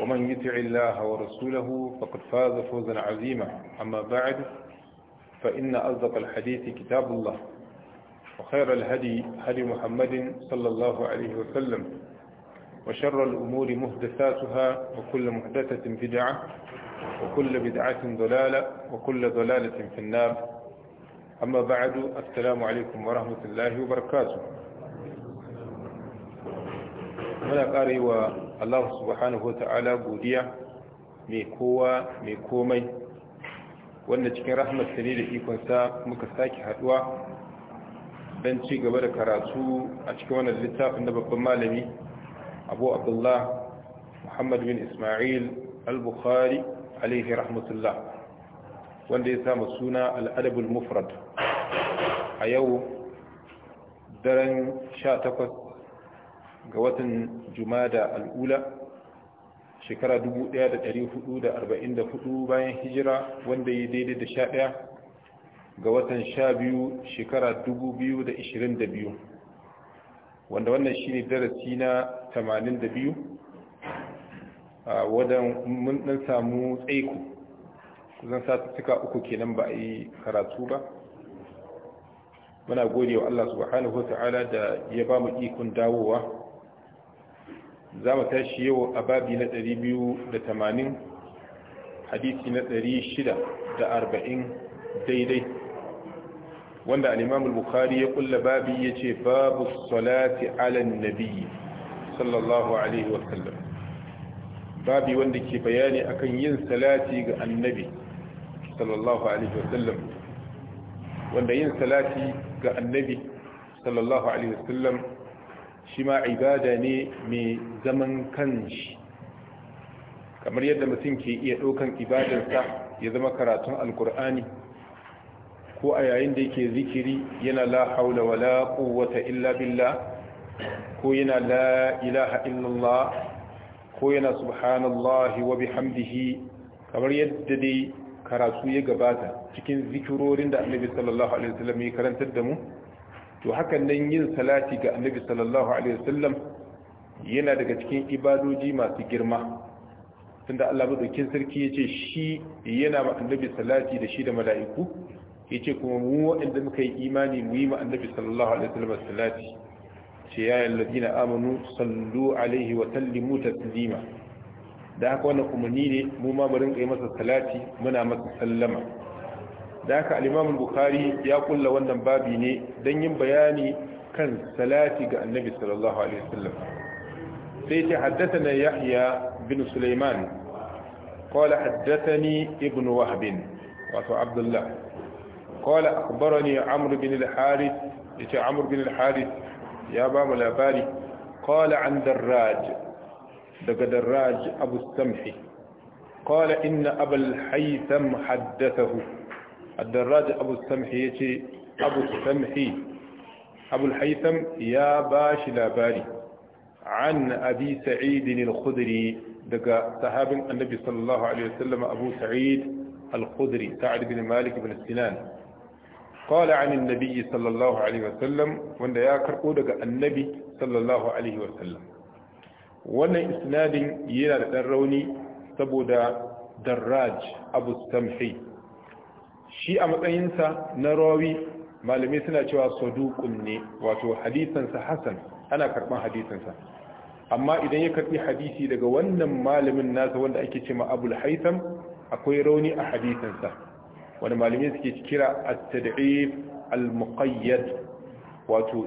ومن يطع الله ورسوله فقد فاز فوزا عظيما أما بعد فإن أصدق الحديث كتاب الله وخير الهدي هدي محمد صلى الله عليه وسلم وشر الأمور مهدثاتها وكل مهدثة بدعة وكل بدعة ضلالة وكل ضلالة في النار أما بعد السلام عليكم ورحمة الله وبركاته قاري و Allah subhanahu wa ta'ala godiya mai kowa mai komai wanda cikin rahmatsa ne da ikonsa muka sake haduwa don ci gaba da karatu a cikin wannan littafin na babban malami abu abdullah muhammad bin ismail al-bukhari alaihi rahmatullah wanda ya samu suna al'adabul mufrad a yau daren 18 ga watan jumada al'ula shekara 1444 bayan hijira wanda ya daidai da sha ɗaya ga watan sha biyu shekara 2022 wanda wannan shi ne darasi na 82 a wadan mun ɗan samu tsaiko kusan satuttuka uku kenan ba a yi karatu ba muna gode wa Allah subhanahu wa ta'ala da ya ba mu ikon dawowa za mu tashi yau a babi na 280 hadisi na 640 daidai wanda al-imam al-bukhari ya kulla babi ya ce, babu salati ala an-nabi sallallahu alaihi wa sallam babi wanda ke bayani akan yin salati ga annabi sallallahu alaihi wa sallam wanda yin salati ga annabi sallallahu alaihi wa sallam shi ma ibada ne mai zaman shi kamar yadda mutum ke iya ɗaukan ibadarsa ya zama karatun alkur'ani ko a yayin da yake zikiri yana la haula la quwwata illa billah ko yana la ilaha illallah ko yana subhanallahi wa bihamdihi kamar yadda dai karatu ya gabata cikin zikirorin da annabi sallallahu alaihi wasallam ya karantar da mu to hakan nan yin salati ga annabi sallallahu alaihi wasallam yana daga cikin ibadoji masu girma tunda Allah madaukin sarki yace shi yana ma annabi salati da shi da mala'iku yace kuma mu waɗanda muka yi imani mu yi ma annabi sallallahu alaihi wasallam salati ce ya alladina amanu sallu alaihi wa sallimu taslima da haka wannan umarni ne mu ma mu rinka yi masa salati muna masa sallama da haka al-Imam Bukhari ya kulla wannan babi ne dan yin bayani kan salati ga Annabi sallallahu alaihi wasallam sai ta haddathana Yahya bin Sulaiman qala haddathani Ibn Wahb wato Abdullah qala akhbarani Amr bin al-Harith yace Amr bin al-Harith ya ba mu labari qala an Darraj daga Darraj Abu Samhi قال إن أبا الحيثم حدثه الدراج أبو السمحي يتي أبو السمحي أبو الحيثم يا باش لا بالي عن أبي سعيد الخدري دقى صحاب النبي صلى الله عليه وسلم أبو سعيد الخدري سعد بن مالك بن السنان قال عن النبي صلى الله عليه وسلم وأن يا كرقو دقى النبي صلى الله عليه وسلم وأن إسناد يلا الروني سبو دراج أبو السمحي shi a matsayinsa na rawi malamai suna cewa saduqun ne wato hadisansa hasan ana karban hadisansa amma idan ya karbi hadisi daga wannan malamin nasa wanda ake cewa Abul Haytham akwai rauni a hadisansa wanda malamai suke kira at-tad'if al-muqayyad wato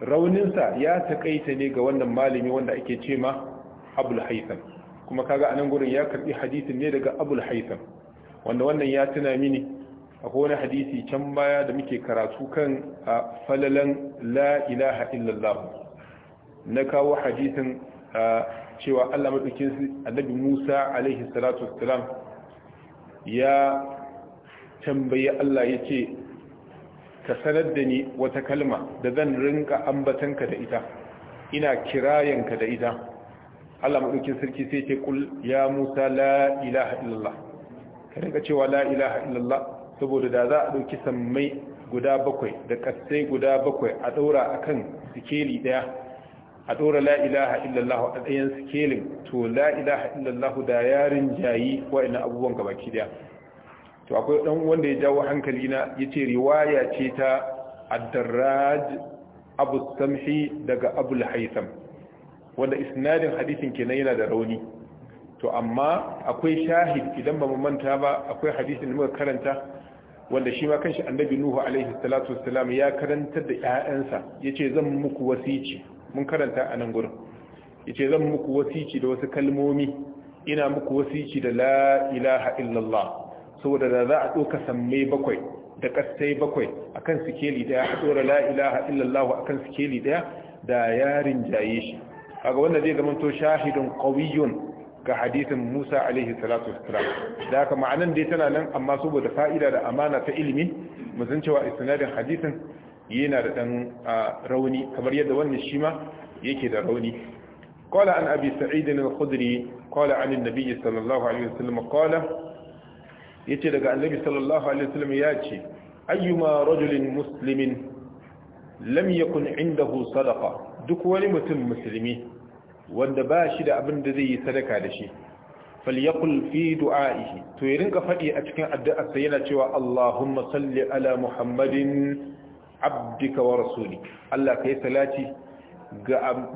rauninsa ya takaita ne ga wannan malami wanda ake cewa Abul Haytham kuma kaga anan gurin ya karbi hadisin ne daga Abul Haytham wanda wannan ya tuna mini akwai wani hadisi can baya da muke karatu kan a falalan la ilaha illallah na kawo hadisin cewa Allah madaukin annabi Musa alaihi salatu wassalam ya tambayi Allah yace ka sanar da ni wata kalma da zan rinka ambatanka da ita ina kirayenka da ita Allah madaukin sarki sai ce kul ya Musa la ilaha illallah ka rinka cewa la ilaha illallah saboda da za a ɗauki sammai guda bakwai da ƙasai guda bakwai a ɗora a kan sikeli ɗaya a ɗora la'ilaha illallah a ɗayan sikelin to la'ilaha illallah da yarin jayi wa'ina abubuwan gabaki ɗaya to akwai ɗan wanda ya jawo hankali na ya ce riwaya ce ta addaraj abu samhi daga abu haitham wanda isnadin hadisin kenan yana da rauni to amma akwai shahid idan ba mu manta ba akwai hadisin da muka karanta wanda shi ma kanshi annabi nuhu alaihi salatu wassalam ya karantar da ƴaƴansa yace zan muku wasici mun karanta a nan gurin yace zan muku wasici da wasu kalmomi ina muku wasici da la ilaha illallah saboda da za a doka sammai bakwai da kastai bakwai akan sikeli daya a dora la ilaha illallah akan sikeli daya da yarin jaye shi kaga wanda zai zama to shahidun qawiyyun ga hadisin Musa alaihi salatu wassalam da haka ma'anan dai tana nan amma saboda fa'ida da amana ta ilimi mu san cewa isnadin hadisin yana da dan rauni kamar yadda wannan shi ma yake da rauni قال عن أبي سعيد الخدري قال عن النبي صلى الله عليه وسلم قال يتلقى النبي صلى الله عليه وسلم ياتي أيما رجل مسلم لم يكن sadaqa duk wani mutum مسلمين wanda ba shi da abin da zai yi sadaka da shi falyakul fi du'a'ihi to ya rinka faɗi a cikin addu'ar sa yana cewa Allahumma salli ala Muhammadin abdika wa rasuli Allah kai salati ga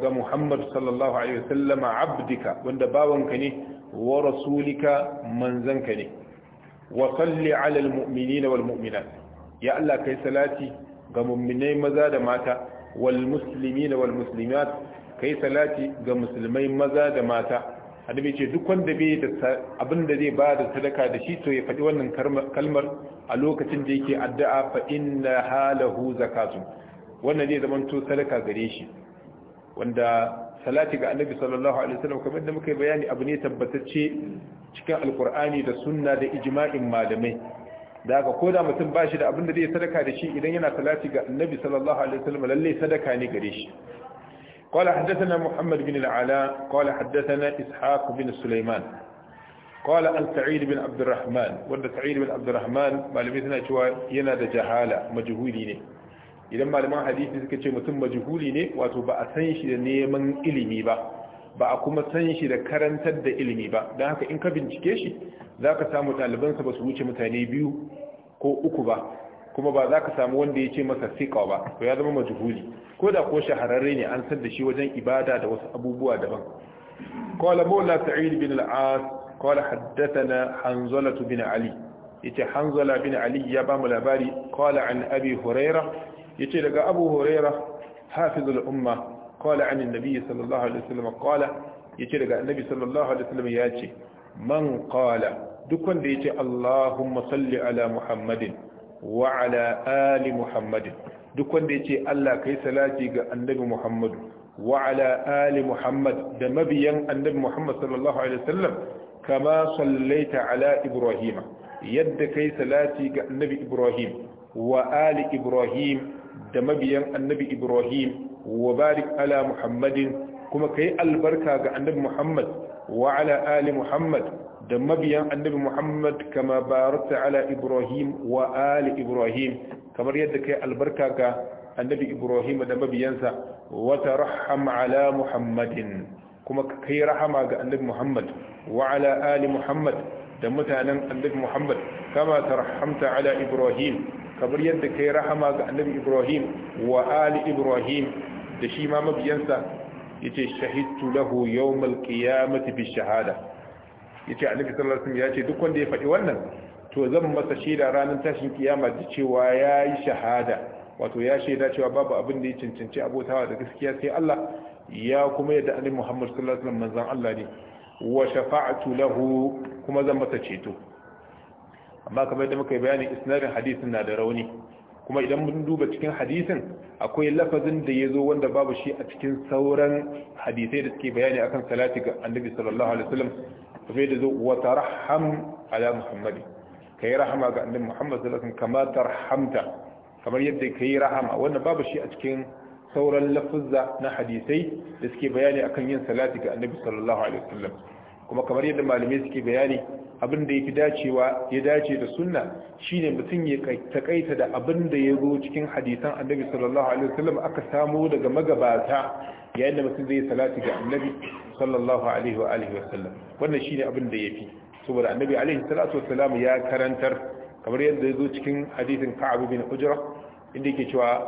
ga Muhammad sallallahu alaihi wasallam abdika wanda bawanka ne wa rasulika manzanka ne wa salli ala almu'minina wal mu'minat ya Allah kai salati ga mu'minai maza da mata wal muslimina wal kai salati ga musulmai maza da mata annabi ce duk wanda bai da abin da zai bada sadaka da shi to ya faɗi wannan kalmar a lokacin da yake addu'a fa inna halahu zakatun wannan zai zama to sadaka gare shi wanda salati ga annabi sallallahu alaihi wasallam kamar da muka yi bayani abu ne tabbatacce cikin alkur'ani da sunna da ijma'in malamai da haka ko da mutum ba shi da abin da zai sadaka da shi idan yana salati ga annabi sallallahu alaihi wasallam lalle sadaka ne gare shi قال حدثنا محمد بن العلاء قال حدثنا إسحاق بن سليمان قال عن سعيد بن عبد الرحمن وند سعيد بن عبد الرحمن معلمتنا cewa yana da jahala majhuli ne idan malaman hadisi suka ce mutum majhuli ne wato ba a san shi da neman ilimi ba ba a kuma san shi da karantar da ilimi ba don haka in ka bincike shi zaka samu ɗalibansa ba su wuce mutane biyu ko uku ba kuma ba za ka samu wanda ya ce masa siƙa ba to ya zama majhuli ko da ko shahararre ne an san da shi wajen ibada da wasu abubuwa daban qala mawla sa'id bin al-as qala haddathana hanzala bin ali yace hanzala bin ali ya ba mu labari qala an abi huraira yace daga abu huraira hafizul umma qala an annabi sallallahu alaihi wasallam qala yace daga annabi sallallahu alaihi wasallam yace man qala duk wanda yace allahumma salli ala muhammadin wa ala ali muhammadin duk wanda ya ce Allah kai salati ga annabi muhammadu wa ala ali muhammad da mabiyan annabi muhammad sallallahu alaihi wasallam kama sallaita ala ibrahim yadda kai salati ga annabi ibrahim wa ali ibrahim da mabiyan annabi ibrahim wa barik ala muhammadin kuma yi albarka ga annabi muhammad wa ala ali muhammad da mabiyan annabi Muhammad kama barakta ala Ibrahim wa ali Ibrahim kamar yadda kai albarka ga annabi Ibrahim da mabiyansa wa tarham ala Muhammadin kuma kai rahama ga annabi Muhammad wa ala ali Muhammad da mutanen annabi Muhammad kama rahamta ala Ibrahim kamar yadda kai rahama ga annabi Ibrahim wa ali Ibrahim da shi ma mabiyansa yace shahidtu lahu yawmal qiyamati bi shahada ce annabi sallallahu alaihi ya ce duk wanda ya faɗi wannan to zan masa shaida ranar tashin kiyama da cewa yi shahada wato ya shaida cewa babu abin da ya cancanci abotawa da gaskiya sai Allah ya kuma yadda annabi Muhammad sallallahu alaihi wasallam manzon Allah ne wa shafa'atu lahu kuma zan masa ceto amma kamar yadda muka yi bayani isnadin hadisin na da rauni kuma idan mun duba cikin hadisin akwai lafazin da ya zo wanda babu shi a cikin sauran hadisai da suke bayani akan salati ga annabi sallallahu alaihi wasallam tafi da zo wa tarham ala rahama ga annabi muhammad sallallahu alaihi wasallam yadda kai rahama wannan babu shi a cikin sauran lafuzza na hadisai da suke bayani akan yin salati ga annabi kuma kamar yadda malamai suke bayani abin da yafi dacewa ya dace da sunna shine mutum ya takaita da abin da ya zo cikin hadisan annabi sallallahu alaihi wasallam aka samo daga magabata yayin da mutum zai salati ga annabi sallallahu alaihi wa alihi wasallam wannan shine abin da yafi saboda annabi alaihi salatu wassalam ya karantar kamar yadda yazo cikin hadisin Ka'ab bin Ujra inda yake cewa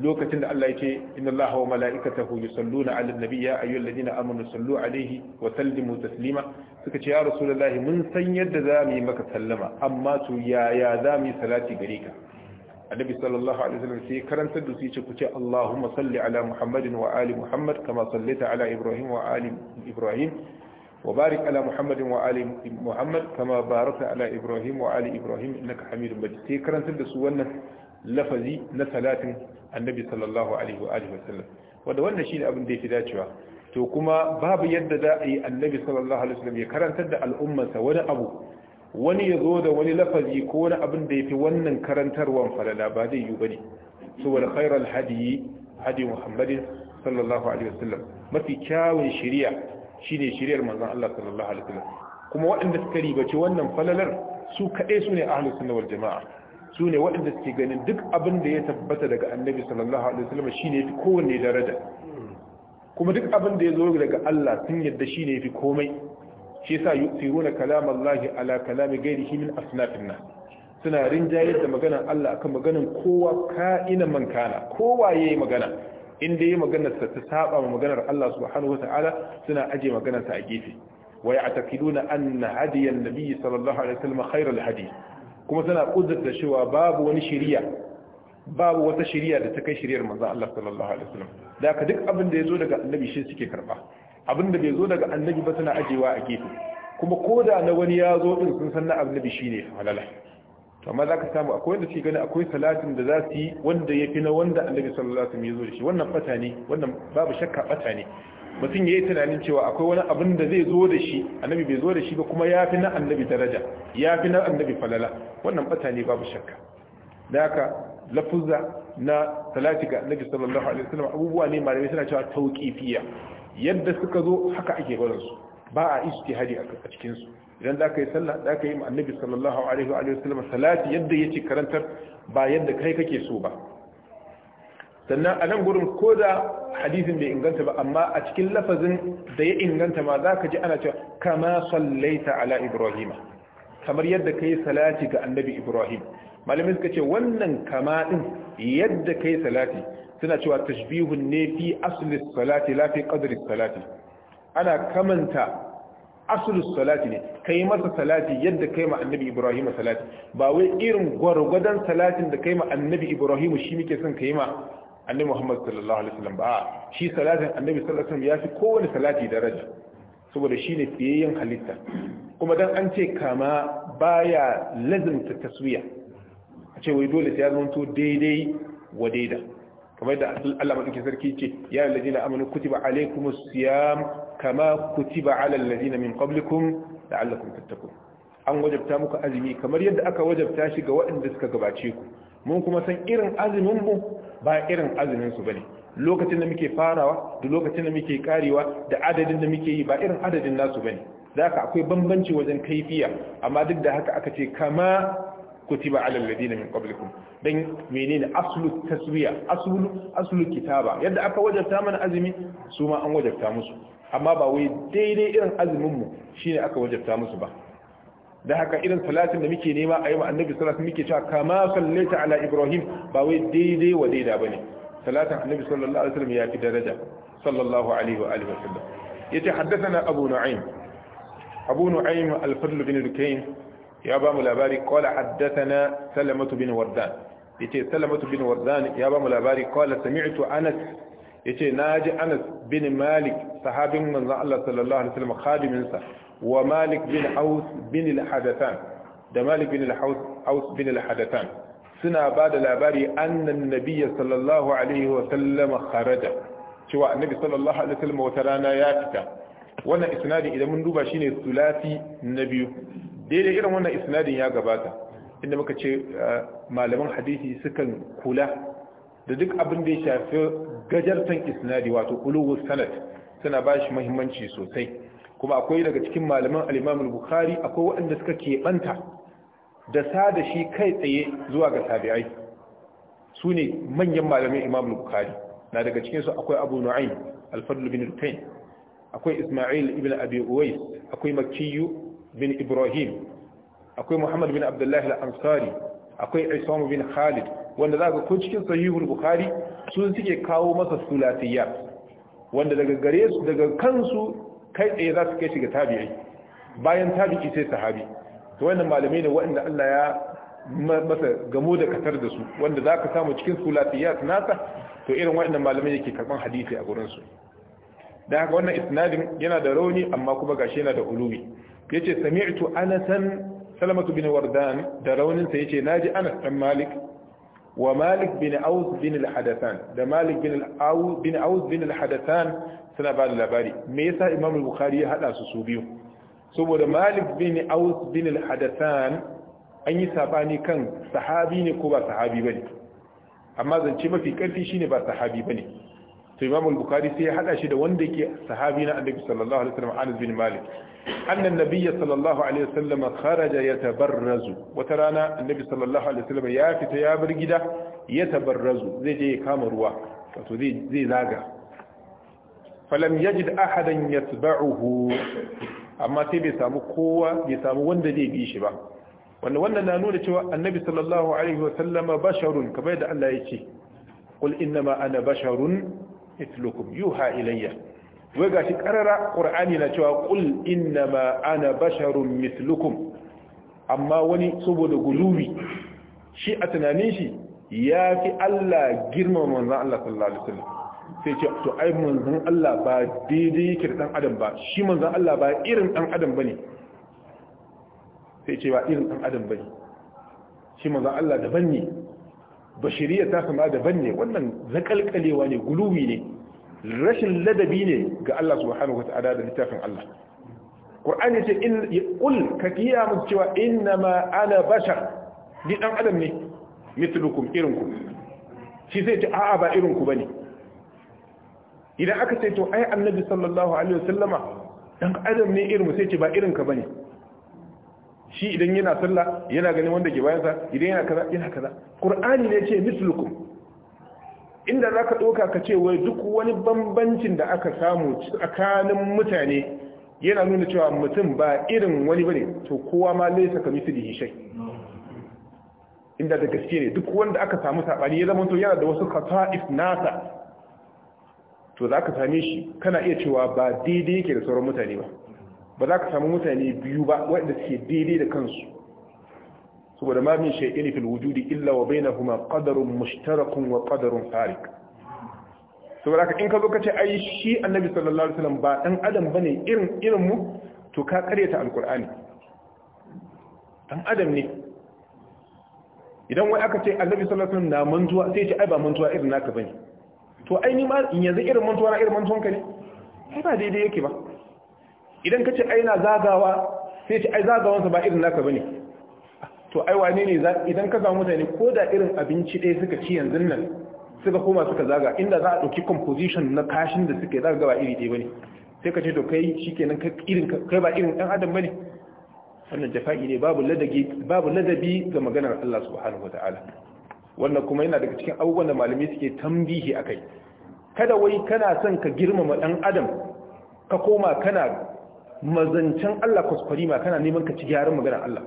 lokacin da Allah yake inna Allaha wa mala'ikatahu yusalluna 'alan nabiyya ayyuhalladhina amanu sallu 'alaihi wa sallimu taslima suka ce ya rasulullahi mun san yadda zamu yi maka sallama amma to yaya zamu yi salati gare ka annabi sallallahu alaihi wasallam sai karantar da su yace ku ce Allahumma salli ala Muhammadin wa ali Muhammad kama sallaita ala Ibrahim wa ali Ibrahim wa barik ala Muhammadin wa ali Muhammad kama barakta ala Ibrahim wa ali Ibrahim innaka Hamidum Majid sai karantar da su wannan lafazi na salatin annabi sallallahu alaihi wa alihi wasallam wanda wannan shine abin da yake dacewa to kuma babu yadda za a yi annabi sallallahu alaihi wasallam ya karantar da al'ummarsa wani abu wani ya zo da wani lafazi ko wani abin da ya fi wannan karantarwan falala ba zai yi ba ne saboda khairar hadiyi hadi muhammadin sallallahu alaihi wasallam mafi kyawun shiriya shine shiriyar manzon Allah sallallahu alaihi wasallam kuma waɗanda suka ribaci wannan falalar su kaɗai su ne ahlus sunna wal jama'a su ne waɗanda suke ganin duk abin da ya tabbata daga annabi sallallahu alaihi wasallam shine fi kowanne daraja kuma duk abin da ya zo daga Allah sun yadda shine fi komai shi yasa yusiruna kalam Allah ala kalami ghairihi min asnafin nan suna rinjayar da maganar Allah akan maganar kowa ka'ina man kana kowa yayi magana in ya yi sa ta saba ma maganar Allah subhanahu wataala suna aje maganar sa a gefe wa ya'taqiduna anna hadiyan nabiy sallallahu alaihi wasallam khairal hadi kuma suna kudurta cewa babu wani shiriya babu wata shiriya da ta kai shiriyar manzon Allah sallallahu alaihi wasallam da duk abin da yazo daga annabi shi suke karba abin da bai zo daga annabi ba suna ajewa a gefe kuma ko da na wani ya zo din sun san na annabi shine halala to amma zaka samu akwai wanda ke gani akwai salatin da za su yi wanda yafi na wanda annabi sallallahu alaihi wasallam ya zo da shi wannan fata ne wannan babu shakka fata ne mutum yayi tunanin cewa akwai wani abin da zai zo da shi annabi bai zo da shi ba kuma yafi na annabi daraja yafi na annabi falala wannan fata ne babu shakka da haka lafuzza na salati ga annabi sallallahu alaihi wasallam abubuwa ne malamai suna cewa tauqifiyya yadda suka zo haka ake barin su ba a ijtihadi a cikin su idan zaka yi sallah ka yi annabi sallallahu alaihi wa alihi wasallam salati yadda ci karantar ba yadda kai kake so ba sannan a nan gurin ko da hadisin bai inganta ba amma a cikin lafazin da ya inganta ma ka ji ana cewa kama sallaita ala ibrahim kamar yadda yi salati ga annabi ibrahim malamin suka ce wannan kama din yadda yi salati suna cewa tashbihun ne fi asli salati la fi qadri salati ana kamanta asli salati ne kai masa salati yadda kai ma annabi ibrahim salati ba wai irin gwargwadon salatin da kai ma annabi ibrahim shi muke son kai ma annabi muhammad sallallahu alaihi wasallam ba shi salatin annabi sallallahu alaihi wasallam ya fi kowane salati daraja saboda shi ne fiyayyen halitta kuma dan an ce kama baya lazimta taswiya a ce wai dole sai ya zama zanto daidai wa daida kamar da Allah madaukakin sarki ce ya alladina amanu kutiba alaykumus siyam kama kutiba alal ladina min qablikum la'allakum tattaqun an wajabta muku azumi kamar yadda aka wajabta shi ga waɗanda suka gabace ku mun kuma san irin azumin mu ba irin azumin su bane lokacin da muke farawa da lokacin da muke karewa da adadin da muke yi ba irin adadin nasu bane zaka akwai bambanci wajen kaifiya amma duk da haka aka ce kama kutiba ala alladina min qablikum dan menene aslu taswiya aslu kitaba yadda aka wajabta mana azumi su ma an wajabta musu amma ba wai daidai irin azumin mu shine aka wajabta musu ba da haka irin salatin da muke nema a yi wa annabi sallallahu alaihi muke cewa kama sallaita ala ibrahim ba wai daidai wa daida bane salatin annabi sallallahu alaihi wasallam ya fi daraja sallallahu alaihi wa alihi yace haddasa abu nu'aym abu nu'aym ya ba mu labari qala haddathana salamatu bin wardan yace salamatu bin wardan ya ba mu labari qala sami'tu anas yace naji anas bin malik sahabin manzon Allah sallallahu alaihi wasallam wa malik bin aus bin al da malik bin al bin al suna ba da labari annan nabiyya sallallahu alaihi wasallam kharaja cewa annabi sallallahu alaihi wasallam wata rana ya fita wannan isnadin idan mun duba shine sulati na biyu daidai irin wannan isnadin ya gabata inda muka ce eh, malaman hadisi sukan kula da duk abin da ya shafi gajartan isnadi wato ulugu sanad suna ba shi mahimmanci sosai kuma akwai daga cikin malaman al'imamul bukhari akwai waɗanda suka ke keɓanta da sada shi kai tsaye zuwa ga tabi'ai su ne manyan malaman imamul bukhari na daga cikin su akwai abu nu'ayn alfadlu bin rukain akwai isma'il ibn abi uwais akwai makiyu bin ibrahim akwai muhammad bin abdullahi al-ansari akwai isam bin khalid wanda zaka ko cikin sahihul bukhari su suke kawo masa sulatiyya wanda daga gare su daga kansu kai tsaye za su kai shiga tabi'i bayan tabi'i sai sahabi to wannan malamai ne waɗanda Allah ya masa gamo da katar da su wanda zaka samu cikin sulatiyya nasa to irin waɗannan malamai yake karban hadisi a gurin su da haka wannan isnadin yana da rauni amma kuma gashi yana da ulumi yace sami'atu anasan salamatu bin wardan da raunin ce yace ji anas ɗan malik wa malik bin aus bin al-hadathan da malik bin al-aus bin al-hadathan suna ba da labari me yasa imam bukhari ya hada su su biyu saboda malik bin aus bin al-hadathan an yi sabani kan sahabi ne ko ba sahabi bane amma zance mafi karfi shine ba sahabi bane to imam al-bukhari sai ya hada shi da wanda yake sahabi na annabi sallallahu alaihi wasallam Anas bin Malik anna an-nabiy sallallahu alaihi wasallam kharaja yatabarrazu wata rana annabi sallallahu alaihi wasallam ya fita ya bar gida yatabarrazu zai je ya kama ruwa wato zai zai zaga falam yajid ahadan yatba'uhu amma sai bai samu kowa bai samu wanda zai bi shi ba Wannan wannan na nuna cewa annabi sallallahu alaihi wasallam basharun kamar yadda Allah ya ce قل إنما أنا basharun. mithlukum yuha ilayya wai gashi karara qur'ani na cewa qul innama ana basharun mithlukum amma wani saboda guluwi shi a tunanin shi ya fi Allah girma manzan Allah sallallahu alaihi wasallam sai ce to ai manzan Allah ba daidai yake da dan adam ba shi manzan Allah ba irin dan adam bane sai ce ba irin dan adam bane shi manzan Allah daban ne bashiriyar ta sama daban ne wannan zakalkalewa ne guluwi ne rashin ladabi ne ga Allah subhanahu wata'ala da littafin Allah Qur'ani ce in qul ka kiyamu cewa innama ana bashar ni dan adam ne mithlukum irinku shi zai ce a'a ba irinku bane idan aka ce to ai annabi sallallahu alaihi wasallama dan adam ne irin sai ce ba irinka bane shi idan yana sallah yana ganin wanda ke bayansa idan yana kaza yana kaza qur'ani ne ce mislukum inda zaka doka ka ce wai duk wani bambancin da aka samu tsakanin mutane yana nuna cewa mutum ba irin wani bane to kowa ma laisa ka mislihi shay inda da gaske ne duk wanda aka samu sabani ya zama to yana da wasu qata'if nasa to zaka same shi kana iya cewa ba daidai yake da sauran mutane ba ba za ka samu mutane biyu ba waɗanda suke daidai da kansu saboda ma min shay'in fil wujudi illa wa bainahuma qadarun mushtarakun wa qadarun farik saboda ka in ka zo ka ce ai shi annabi sallallahu alaihi wasallam ba dan adam bane irin irin mu to ka karyata alqur'ani dan adam ne idan wai aka ce annabi sallallahu alaihi wasallam na mantuwa sai ce ai ba mantuwa irin naka bane to ai ni ma yanzu irin mantuwa na irin mantuwan ka ne ai ba daidai yake ba idan ka ce ai na zagawa sai ce ai zagawansa ba irin naka bane to ai wane ne idan ka samu mutane ko da irin abinci ɗaya suka ci yanzu nan suka koma suka zaga inda za a ɗauki composition na kashin da suke zaga ba iri ɗaya bane sai ka ce to kai shikenan kai irin kai ba irin ɗan adam bane wannan jafa'i ne babu ladabi babu ladabi ga maganar Allah subhanahu wataala wannan kuma yana daga cikin abubuwan da malamai suke tambihi akai kada wai kana son ka girmama ɗan adam ka koma kana mazancan Allah ma kana neman ka ci gyaran maganar Allah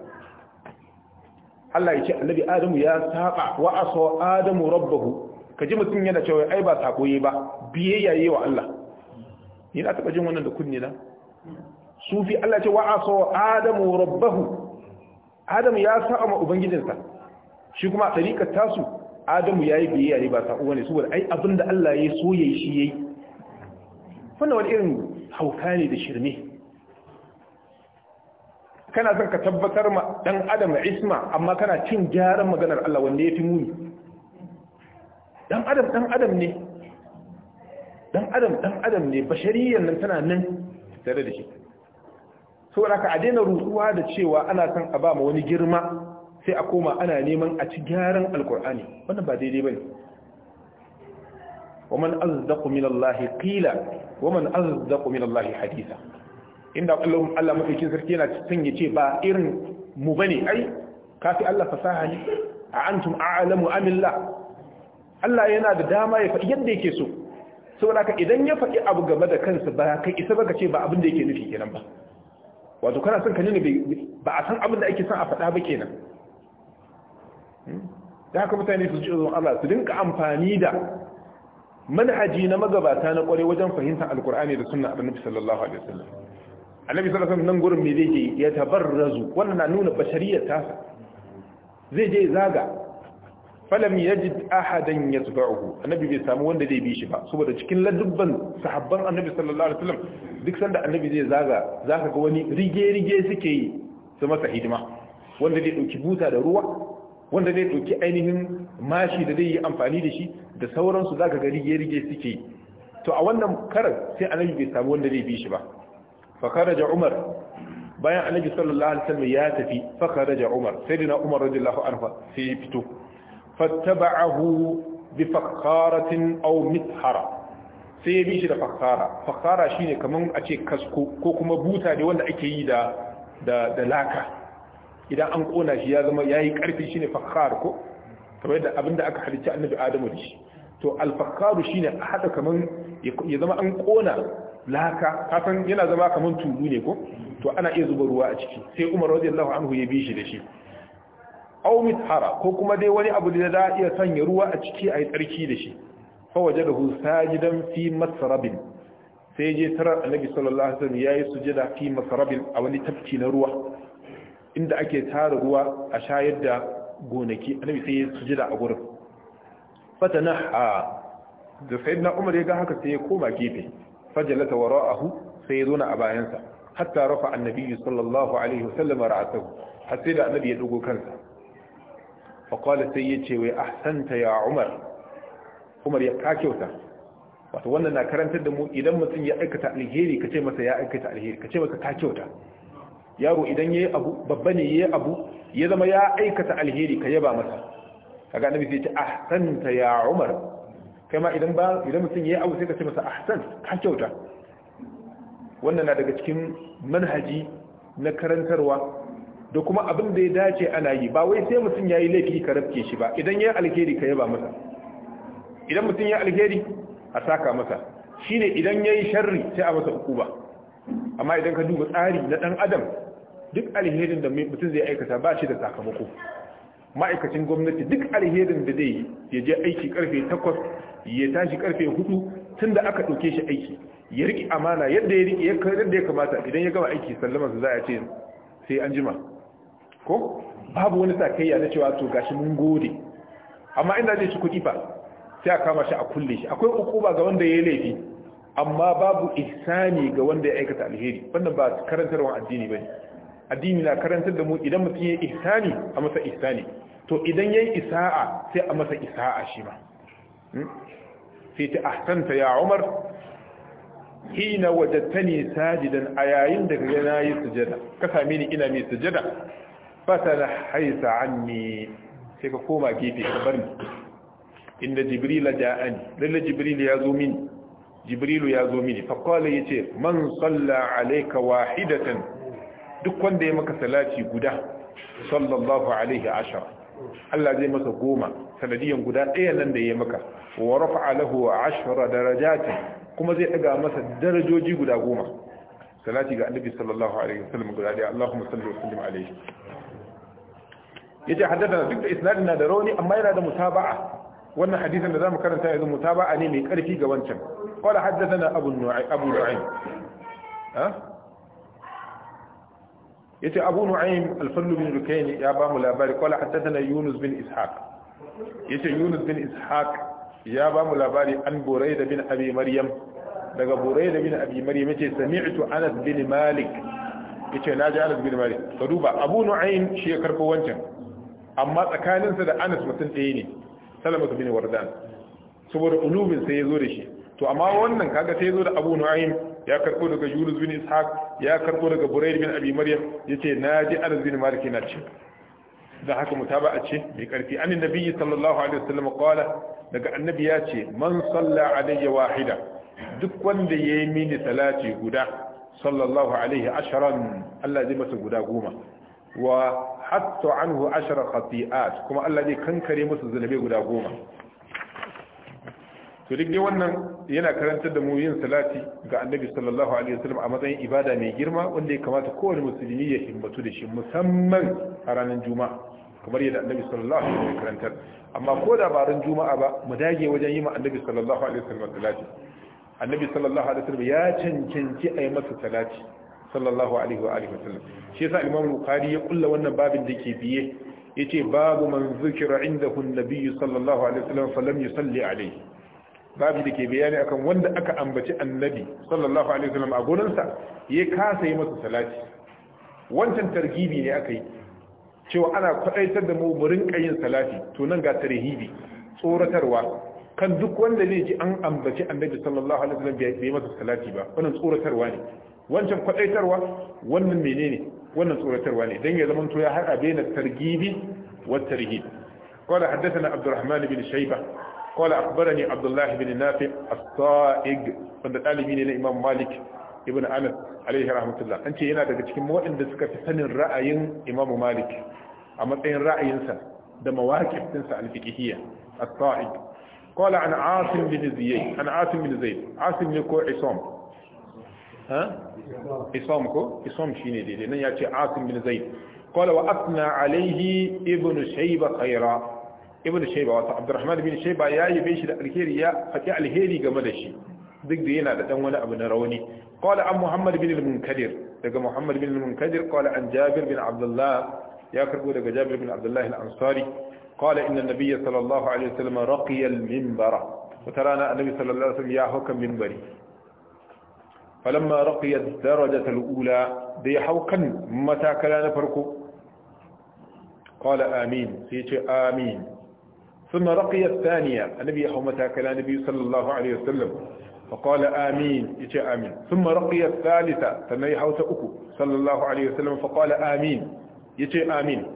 Allah ya ce annabi Adamu ya saba wa aso Adamu rabbahu ji mutum yana cewa ai ba sako yi ba Biye yayi wa Allah ni na taba jin wannan da kunni na sufi Allah ce wa aso Adamu rabbahu Adamu ya saba ma ubangijinsa shi kuma tariƙar tasu Adamu ya yi biye yaye ba sako bane saboda ai abinda Allah ya so yi shi ya yi. wannan wani irin hauka ne da shirme kana son ka tabbatar ma dan adam isma amma kana cin gyaran maganar Allah wanda ya fi muni dan adam dan adam ne dan adam dan adam ne bashariyyar nan tana nan tare da shi saboda ka a daina rutuwa da cewa ana son a ba ma wani girma sai a koma ana neman a ci gyaran alkur'ani wannan ba daidai bane ومن أصدق من الله قيلا ومن أصدق من الله حديثا inda Allah mafikin sarki yana son ya ce ba irin mu bane ai kafi Allah fasaha ne a antum a'lamu amilla Allah yana da dama ya faɗi yadda yake so saboda ka idan ya faɗi abu game da kansa ba kai isa ba ka ce ba abin da yake nufi kenan ba wato kana son ka ne ba a san abin da ake son a faɗa ba kenan hmm? da haka mutane su ji tsoron Allah su dinka amfani da manhaji na magabata na kware wajen fahimtar alkur'ani da sunna annabi sallallahu alaihi wasallam annabi sallallahu alaihi nan gurin me zai je ya tabarrazu wannan na nuna bashariyar ta zai je zaga falam yajid ahadan yatba'uhu annabi bai samu wanda zai bi shi ba saboda cikin ladubban sahabban annabi sallallahu alaihi wasallam duk sanda annabi zai zaga zaka ga wani rige rige suke yi su masa hidima wanda zai dauki buta da ruwa wanda zai dauki ainihin mashi da zai yi amfani da shi da sauransu zaka ga rige rige suke yi to a wannan karar sai annabi bai samu wanda zai bi shi ba fakaraja umar bayan annabi sallallahu alaihi wasallam ya tafi fakaraja umar sayyidina umar radiyallahu anhu sai ya fito fattaba'ahu bi fakkaratin aw mithara sai ya bi shi da fakkara fakkara shine kaman a ce kasko ko kuma buta ne wanda ake yi da da laka idan an kona shi ya zama yayi karfi shine fakkar ko kamar da abinda aka halicci annabi adamu da shi to alfakaru shine a hada kaman ya zama an kona laka kasan yana zama kamar tudu ne ko to ana iya zuba ruwa a ciki sai umar radiyallahu anhu ya bi da shi aw mithara ko kuma dai wani abu da za iya sanya ruwa a ciki ayi tsarki da shi fa wajadahu sajidan fi masrabin sai je tara annabi sallallahu alaihi wasallam yayi sujada fi masrabin a wani tafki na ruwa inda ake tara ruwa a shayar da gonaki annabi sai ya sujada a gurin fatanaha da sayyidina umar ya ga haka sai ya koma gefe fajalata wara'ahu sai ya zo na a bayansa hatta rafa annabi sallallahu alaihi wasallam ra'atahu har sai da annabi ya dugo kansa fa qala sai yace wai ahsanta ya umar ya ka kyauta wato wannan na karantar da mu idan mutum ya aikata alheri masa ya aikata alheri masa ka kyauta yaro idan yayi abu babba ne yayi abu ya zama ya aikata alheri ka yaba masa kaga annabi sai ya ce ahsanta ya umar kai ma idan ba idan mutum yi abu sai ka ce masa ahsan ka kyauta wannan na daga cikin manhaji na karantarwa da kuma abin da ya dace ana yi ba wai sai mutum ya yi laifi ka rafke shi ba idan ya yi alheri ka yaba masa idan mutum ya yi alheri a saka masa shine idan ya yi sharri sai a masa uku hukuma amma idan ka duba tsari na dan adam duk alherin da mutum zai aikata ba shi da sakamako ma'aikacin gwamnati duk alherin da zai ya je aiki karfe 8 ya tashi karfe 4 tunda aka ɗauke shi aiki ya riki amana yadda ya riki yadda ya kamata idan ya gama aiki sallama su za a ce sai an jima ko babu wani sakayya na cewa to gashi mun gode amma inda zai ci kuɗi fa sai a kama shi a kulle shi akwai hukuma ga wanda ya laifi amma babu ihsani ga wanda ya aikata alheri wannan ba karantarwa addini bane addini na karantar da mu idan mutum ya ihsani a masa ihsani to idan ya yi isa'a sai a masa isa'a shi ma hmm? sai ta ahsanta ya Umar hina wajadtani sajidan a yayin da kaga nayi sujada ka same ni ina mai sujada ta na haisa ne, sai ka koma gefe ka bar ni inda jibrila ja'ani lalle jibril ya zo mini jibrilu ya zo mini fa ya yace man salla alayka wahidatan duk wanda ya maka salati guda sallallahu alaihi ashara Allah zai masa goma sanadiyan guda ɗaya nan da ya maka wa rafa'a lahu ashra darajatin kuma zai daga masa darajoji guda goma salati ga annabi sallallahu alaihi wasallam guda ɗaya Allahumma salli wa sallim alaihi yace haddathana duk da isnadin na da rauni amma yana da mutaba'a wannan hadisin da zamu karanta yanzu mutaba'a ne mai karfi ga wancan qala haddathana abu nu'aym abu nu'aym ha yace abu nu'aym al-fallu bin rukayn ya ba mu labari qala haddathana yunus bin ishaq yace yunus bin ishaq ya ba mu labari an burayda bin abi maryam daga burayda bin abi maryam yace sami'tu anas bin malik yace naji anas bin malik ka duba abu nu'aym shi ya karbo wancan amma tsakanin sa da anas mutum ɗaya ne salamatu bin wardan saboda ulubin sai ya zo da shi to amma wannan kaga sai ya zo da abu nu'aym ya karbo daga Yunus bin Ishaq ya karbo daga Burayd bin Abi Maryam yace naji Anas bin Malik na ce da haka mutaba'a ce mai karfi an annabi sallallahu alaihi wasallam qala daga annabi ya ce man salla alayya wahida duk wanda yayi mini salati guda sallallahu alaihi asharan Allah zai masa guda goma wa hatta anhu ashara khati'at kuma Allah zai kankare masa zulubai guda goma to duk dai wannan yana karantar da mu yin salati ga annabi sallallahu alaihi wasallam a matsayin ibada mai girma wanda ya kamata kowane musulmi ya himmatu da shi musamman a ranar juma'a kamar yadda annabi sallallahu alaihi wasallam ya karantar amma ko da ba ran juma'a ba mu dage wajen yi ma annabi sallallahu alaihi wasallam salati annabi sallallahu alaihi wasallam ya cancanci a yi masa salati sallallahu alaihi wa alihi wasallam shi yasa imam bukhari ya kulla wannan babin da ke biye yace babu man zikira indahu an-nabi sallallahu alaihi wasallam falam yusalli alaihi babu da ke bayani akan wanda aka ambaci annabi sallallahu alaihi wasallam a gurinsa ya kasa yi masa salati wancan targibi ne aka yi cewa ana kwadaitar da mu mu rinka salati to nan ga tarhibi tsoratarwa kan duk wanda ne ji an ambaci annabi sallallahu alaihi wasallam bai masa salati ba wannan tsoratarwa ne wancan kwadaitarwa wannan menene wannan tsoratarwa ne dan ya zama to ya har abena targibi wa tarhib قال حدثنا عبد الرحمن بن شيبة qala akhbarani abdullah ibn nafi as-sa'ig wanda dalibi ne na imam malik ibn anas alaihi rahmatullah an ce yana daga cikin waɗanda suka fi sanin ra'ayin imam malik a matsayin ra'ayinsa da mawaƙif dinsa al-fiqhiyya as-sa'ig qala an an asim bin zayd asim ne ko isam ha isam ko daidai nan ya ce asim bin zayd qala wa asna alaihi Ibnu Shaiba khaira ibn shayba wato abdurrahman bin shayba ya yabe shi da alheri ya faɗi alheri game da shi duk da yana da dan wani abu na rauni qala an muhammad bin al-munkadir daga muhammad bin al-munkadir qala an jabir bin abdullah ya karbo daga jabir bin abdullah al-ansari qala inna an-nabiy sallallahu alaihi wasallam raqiya al-minbara watarana annabi sallallahu alaihi wasallam ya hauka minbari falamma raqiya ad-darajata al-ula da ya haukan matakala na farko qala amin amin ثم رقي الثانية النبي يحومتها كلا النبي صلى الله عليه وسلم فقال آمين يتي آمين ثم رقي الثالثة تنهي حوت أكو صلى الله عليه وسلم فقال آمين يتي آمين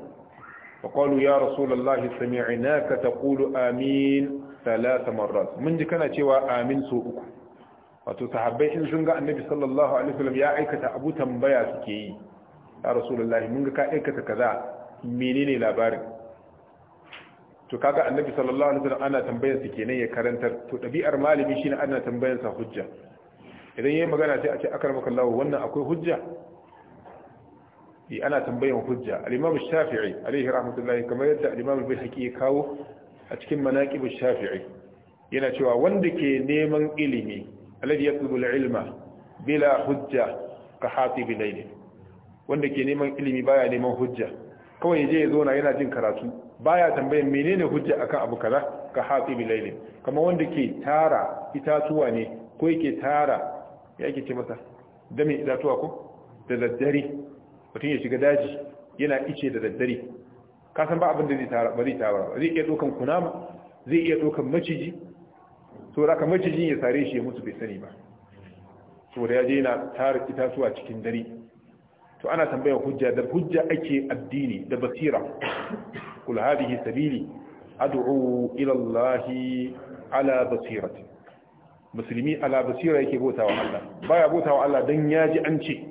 فقالوا يا رسول الله سمعناك تقول آمين ثلاث مرات من دي كان تيوى آمين سو أكو wato sahabbai in sun ga annabi sallallahu alaihi wasallam ya aikata abu tambaya suke yi ya rasulullahi mun ga ka aikata kaza menene labarin to kaga annabi sallallahu alaihi wasallam ana tambayar sa kenan ya karantar to dabi'ar malami shine ana tambayar sa hujja idan yayi magana sai a ce akramakallahu wannan akwai hujja yi eh, ana tambayan hujja al-imam shafi'i alaihi rahmatullahi kamar yadda al-imam al ya kawo a cikin manaqib shafi'i yana cewa wanda ke neman ilimi alladhi yatlubu al-ilma bila hujja ka hatib layli wanda ke neman ilimi baya neman hujja kawai je ya zauna yana jin karatu baya tambayar menene hujja akan abu kaza ka hafi bilailin kamar wanda ke tara itatuwa ne ko yake tara ya ke ce masa damin itatuwa ko da daddare mutum ya shiga daji yana ice da daddare ka san ba abin da zai tara ba zai tara ba zai iya dokan kunama zai iya dokan maciji to raka macijin ya sare shi ya mutu bai sani ba saboda ya je yana tara itatuwa cikin dare to ana tambayar hujja da hujja ake addini da basira kul hadhihi sabili ad'u ila Allah ala basirati musulmi ala basira yake bautawa Allah baya bautawa Allah dan yaji an ce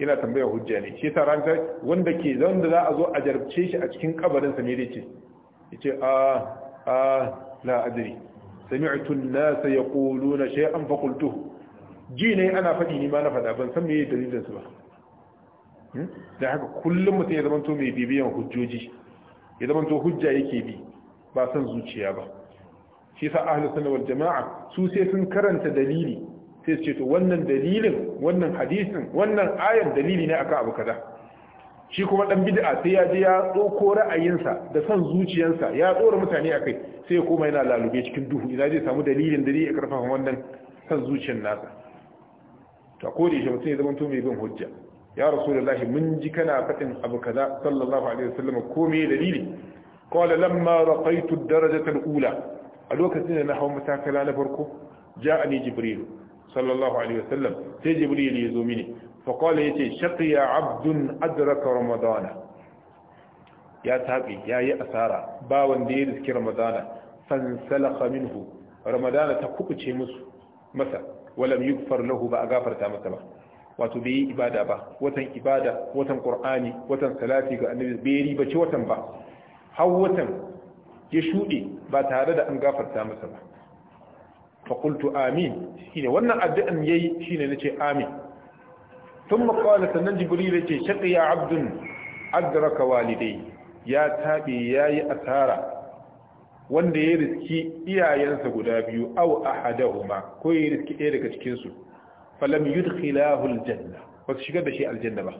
Ina tambayar hujja ne shi yasa ranka wanda ke wanda za a zo a jarabce shi a cikin kabarin sa ne zai ce yace a a la adri sami'tu an-nas yaquluna shay'an fa qultuhu ji ne ana fadi ni ma na fada ban san me dalilin su ba Hmm? da haka kullum mutum ya zamanto mai bibiyan hujjoji ya zamanto hujja yake bi ba son zuciya ba shi sa ahlus sunna wal jama'a su sai sun karanta dalili sai su ce to wannan dalilin wannan hadisin wannan ayar dalili ne akan abu kaza shi kuma dan bid'a sai ya je ya tsoko ra'ayinsa da son zuciyarsa ya tsora mutane akai sai ya koma yana lalube cikin duhu idan zai samu dalilin da zai iya karfafa wannan son zuciyar nasa to ko da shi mutum ya zama mai bin hujja ya rasulullahi mun ji kana faɗin abu kaza sallallahu alaihi wasallam ko me dalili qala lamma raqaitu ad-darajata al-ula a lokacin da na hawo matakala na farko ja'ani jibril sallallahu alaihi wasallam sai jibril ya zo mini fa qala yace shaqiya abdun adraka ramadana ya tabi yi asara ba wanda ya riski ramadana fansalakha minhu ramadana ta kubuce musu masa walam yughfar lahu ba a gafarta masa ba wato bai yi ibada ba watan ibada watan qur'ani watan salati ga annabi bai riba ci watan ba har watan ya shuɗe ba tare da an gafarta masa ba fa qultu amin shine wannan addu'an yayi shine nace amin thumma qala sannan jibril yace ya abdun adraka walidai ya tabe yayi asara wanda ya riski iyayensa guda biyu aw ahadahuma ko ya riski ɗaya daga cikin su falam yudkhilahu aljanna ba su shigar da shi aljanna ba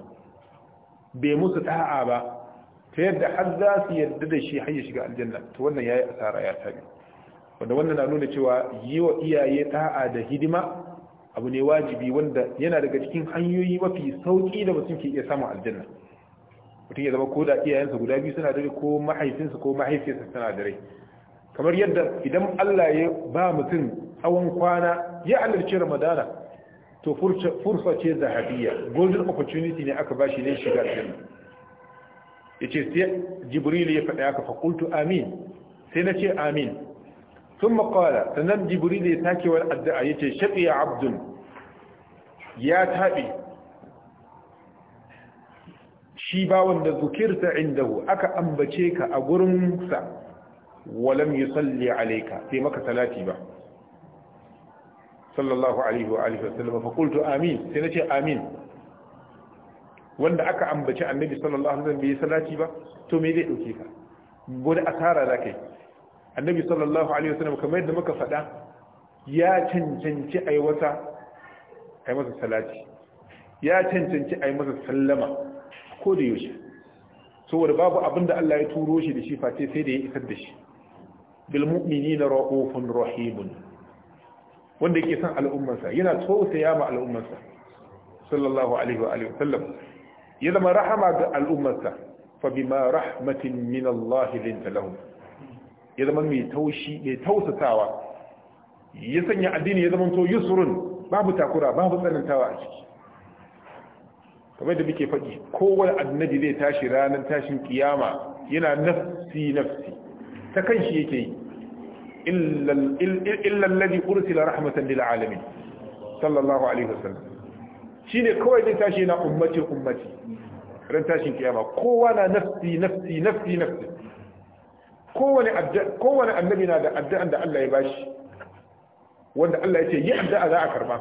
bai musu ta'a ba ta yadda har za su yarda da shi har ya shiga aljanna to wannan yayi asara ya tabi wanda wannan na nuna cewa yi wa iyaye ta'a da hidima abu ne wajibi wanda yana daga cikin hanyoyi mafi sauki da mutum ke iya samun aljanna mutum ya zama ko da iyayensa guda biyu suna dare ko mahaifinsa ko mahaifiyarsa suna dare kamar yadda idan Allah ya ba mutum tsawon kwana ya halarci ramadana to fursa ce zahabiya golden opportunity ne aka bashi ne shiga aljanna yace sai jibril ya faɗa aka fakultu amin sai na ce amin Tun qala sanan jibril ya take wal addu'a yace ya abdun ya taɓi. shi ba wanda zukirta indahu aka ambace ka a gurin sa walam yusalli alaika sai maka salati ba sallallahu alaihi wa alihi wasallam fa qultu amin sai nace amin wanda aka ambaci annabi sallallahu alaihi wasallam bai salati ba to me zai dauke ka wani asara za ka annabi sallallahu alaihi wasallam kamar yadda muka faɗa ya cancanci a yi wata a masa salati ya cancanci a yi masa sallama ko da yaushe saboda babu abin da Allah ya turo shi da shi face sai da ya isar da shi bil mu'minina ra'ufun rahimun wanda yake son al'ummarsa yana tausaya ma al'ummarsa sallallahu alaihi wa alihi wasallam ya zama rahama ga al'ummarsa fa bima rahmatin min Allah linta lahum ya zama mai taushi mai tausasawa ya sanya addini ya zama to yusrun babu takura babu tsanantawa a ciki kamar da muke faɗi kowane annabi zai tashi ranar tashin kiyama yana nafsi nafsi ta kan shi yake yi illa alladhi ursila rahmatan lil alamin sallallahu alaihi wasallam shine kawai zai tashi na ummati ummati ran tashin kiyama kowa na nafsi nafsi nafsi nafsi kowane kowane annabi na da addu'an da Allah ya bashi wanda Allah ya ce yi addu'a za a karba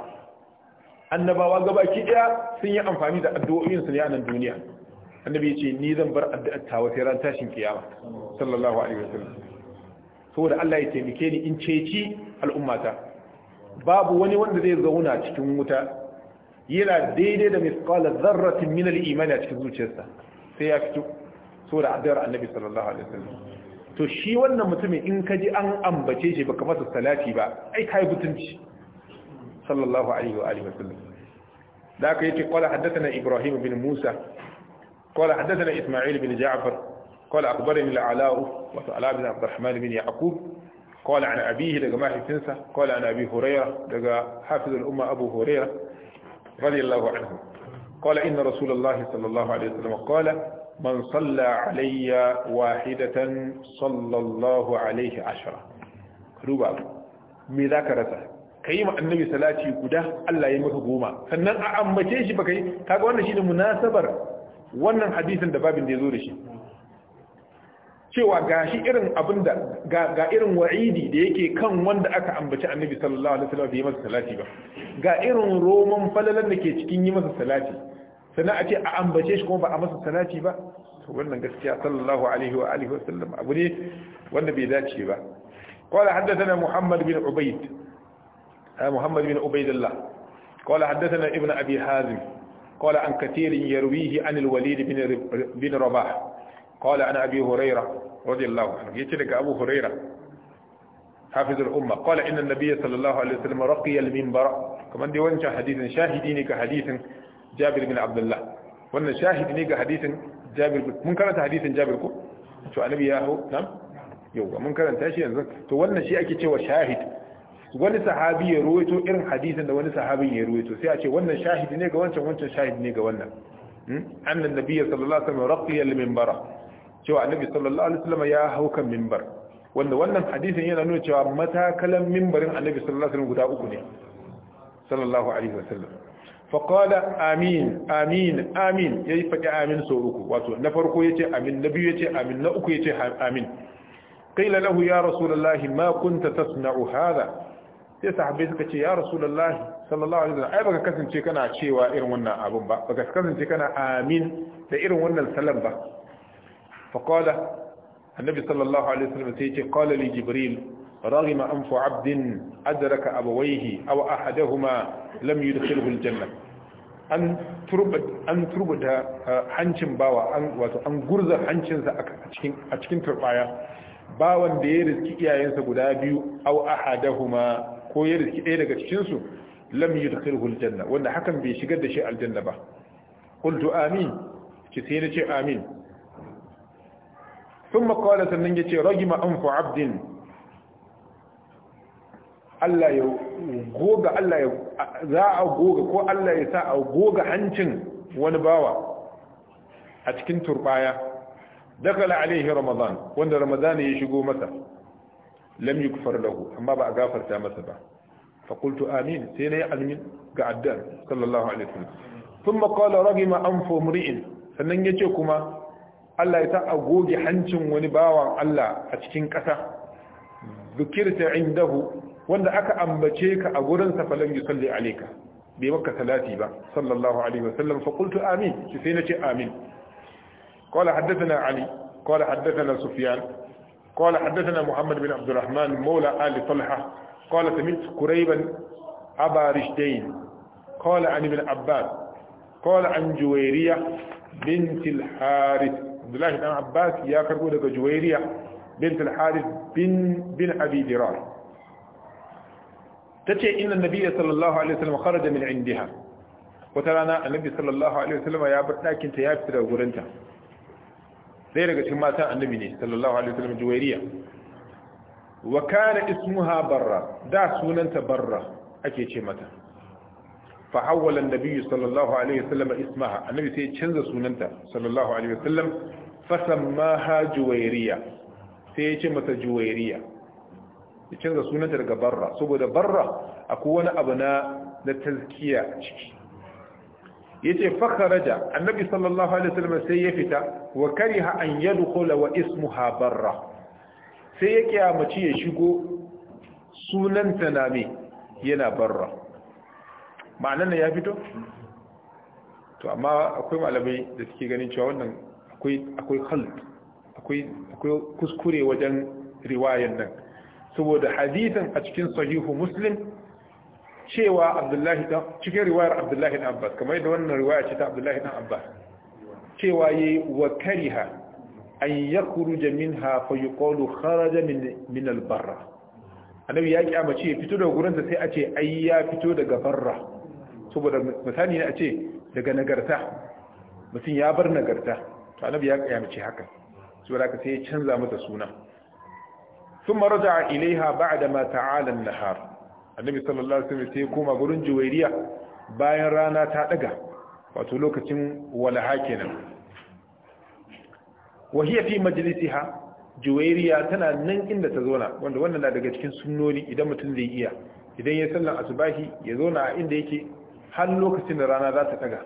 annabawa gaba ki daya sun yi amfani da addu'o'in su ne a nan duniya annabi ya ce ni zan bar addu'ar tawa sai ran tashin kiyama sallallahu alaihi wasallam saboda Allah ya taimake ni in ceci al'ummata babu wani wanda zai zauna cikin wuta yana daidai da misqala dharratin min al-iman a cikin zuciyarsa sai ya fito saboda addu'ar Annabi sallallahu alaihi wasallam to shi wannan mutumin in ka ji an ambace shi baka masa salati ba ai kai butunci sallallahu alaihi wa alihi wasallam da aka yace qala haddathana Ibrahim bin Musa qala haddathana Isma'il bin Ja'far قال أخبرني العلاء وعلاء بن عبد الرحمن بن يعقوب قال عن أبيه لقى ما حفنسة قال عن أبي هريرة لقى حافظ الأمة أبو هريرة رضي الله عنه قال إن رسول الله صلى الله عليه وسلم قال من صلى علي واحدة صلى الله عليه عشرة ruba me za ka rasa ka yi annabi salati guda Allah ya maka goma sannan a ambace shi baka yi kaga wannan shine munasabar wannan hadisin da babin da ya zo da shi cewa gashi irin abin da ga irin wa'idi da yake kan wanda aka ambaci annabi sallallahu alaihi wasallam bai masa salati ba ga irin roman falalan da ke cikin yi masa salati sannan a ce a ambace shi kuma ba a masa salati ba to wannan gaskiya sallallahu alaihi wa alihi wasallam abu ne wanda bai dace ba qala haddathana muhammad bin ubayd محمد بن عبيد الله قال حدثنا ابن أبي حازم قال عن كثير يرويه عن الوليد bin رباح qala ana abi huraira radiyallahu anhu yace daga abu huraira hafiz umma qala inna an-nabiyya sallallahu alaihi wasallam raqiya al-minbar kaman dai wancan hadisin shahidi ne ga hadisin jabir bin abdullah wannan ga hadisin jabir mun karanta hadisin jabir ko to annabi ya hau nam yau mun karanta shi yanzu wannan shi ake shahid wani sahabi ya ruwaito irin hadisin da wani sahabin ya ruwaito sai a ce wannan shahidi ne ga wancan wancan shahidi ne ga wannan annan nabiyyi sallallahu alaihi wasallam raqiya al-minbara cewa annabi sallallahu alaihi wasallam ya hau kan minbar wanda wannan hadisin yana nuna cewa matakalan minbarin annabi sallallahu alaihi wasallam guda uku ne sallallahu alaihi wasallam fa qala amin amin amin yayi fadi amin so uku wato na farko yace amin na biyu yace amin na uku yace amin qila lahu ya rasulullahi ma kunta tasna'u hadha sai sahabbai suka ce ya rasulullahi sallallahu alaihi wasallam ai baka kasance kana cewa irin wannan abun ba baka kasance kana amin da irin wannan salam ba faƙola annabi sallallahu alaihi wasallam sai ce ƙola li jibril رغم أنف عبد أدرك أبويه أو أحدهما لم يدخله الجنة an turbata hancin bawa wato an gurza hancinsa a cikin turbaya bawan da ya riski iyayensa guda biyu au ahadahuma ko ya riski ɗaya daga cikinsu lam yudkhilhu aljanna wanda hakan bai shigar da shi aljanna ba qultu amin ki sai na ce amin sun makawada sannan ya ce ragima an abdin Allah ya goga Allah ya za a goga ko Allah ya sa a goga hancin wani bawa a cikin turbaya dakala alaihi ramadan wanda ramadan ya shigo masa lam yukfar lahu amma ba a gafarta masa ba fa qultu amin sai nayi amin ga addan sallallahu alaihi wasallam thumma qala ragima anfu mri'in sannan yace kuma Allah ya ta a goge hancin wani bawan Allah a cikin ƙasa zukirta indahu wanda aka ambace ka a gurin sa falan yusalli alayka bai maka salati ba sallallahu alaihi wasallam fa qultu amin shi sai nace amin qala haddathana ali qala haddathana sufyan qala haddathana muhammad bin abdurrahman mawla ali talha qala sami'tu qurayban aba rishdain qala an bin abbas qala an juwayriya بنت الحارث abdullahi dan abbas ya karbo daga juwairiya bint al-harith bin bin abi dirar tace inna nabiyya sallallahu alaihi wasallam kharaja min indiha wata rana annabi sallallahu alaihi wasallam ya bar dakin ya fita daga gurinta sai daga cikin matan annabi ne sallallahu alaihi wasallam juwairiya wa kana ismuha barra da sunanta barra ake ce mata fa hawwala an-nabi sallallahu alaihi wasallam ismaha annabi sai ya canza sunanta sallallahu alaihi wasallam fa sammaha juwayriya sai ya ce mata juwayriya ya canza sunanta daga barra saboda barra akwai wani abu na na tazkiya ciki yace fa kharaja annabi sallallahu alaihi wasallam sai ya fita wa kariha an yadkhula wa ismuha barra sai ya kiyamaci ya shigo sunanta na me yana barra ma'anan ya fito to amma akwai malamai da suke ganin cewa wannan akwai akwai khalt akwai kuskure wajen riwayan nan saboda hadithin a cikin sahihu muslim cewa abdullahi ta cikin riwayar abdullahi ɗan abbas kamar yadda wannan riwaya ce ta abdullahi ɗan abbas cewa yi wa kariha an jamin minha fa yuqalu kharaja min min al annabi ya kiyama ce fito daga gurin da sai a ce ai ya fito daga barra saboda misali ne a ce daga nagarta mutum ya bar nagarta to annabi ya kayamace haka saboda ka sai ya canza masa suna ثم رجع إليها بعدما تعالى النهار النبي صلى الله عليه وسلم sai koma gurin juwairiya bayan rana ta daga wato lokacin walaha kenan ya fi majlisiha juwairiya tana nan inda ta zauna wanda wannan na daga cikin sunoni idan mutum zai iya idan ya sallan asubahi ya zauna a inda yake har lokacin da rana za ta daga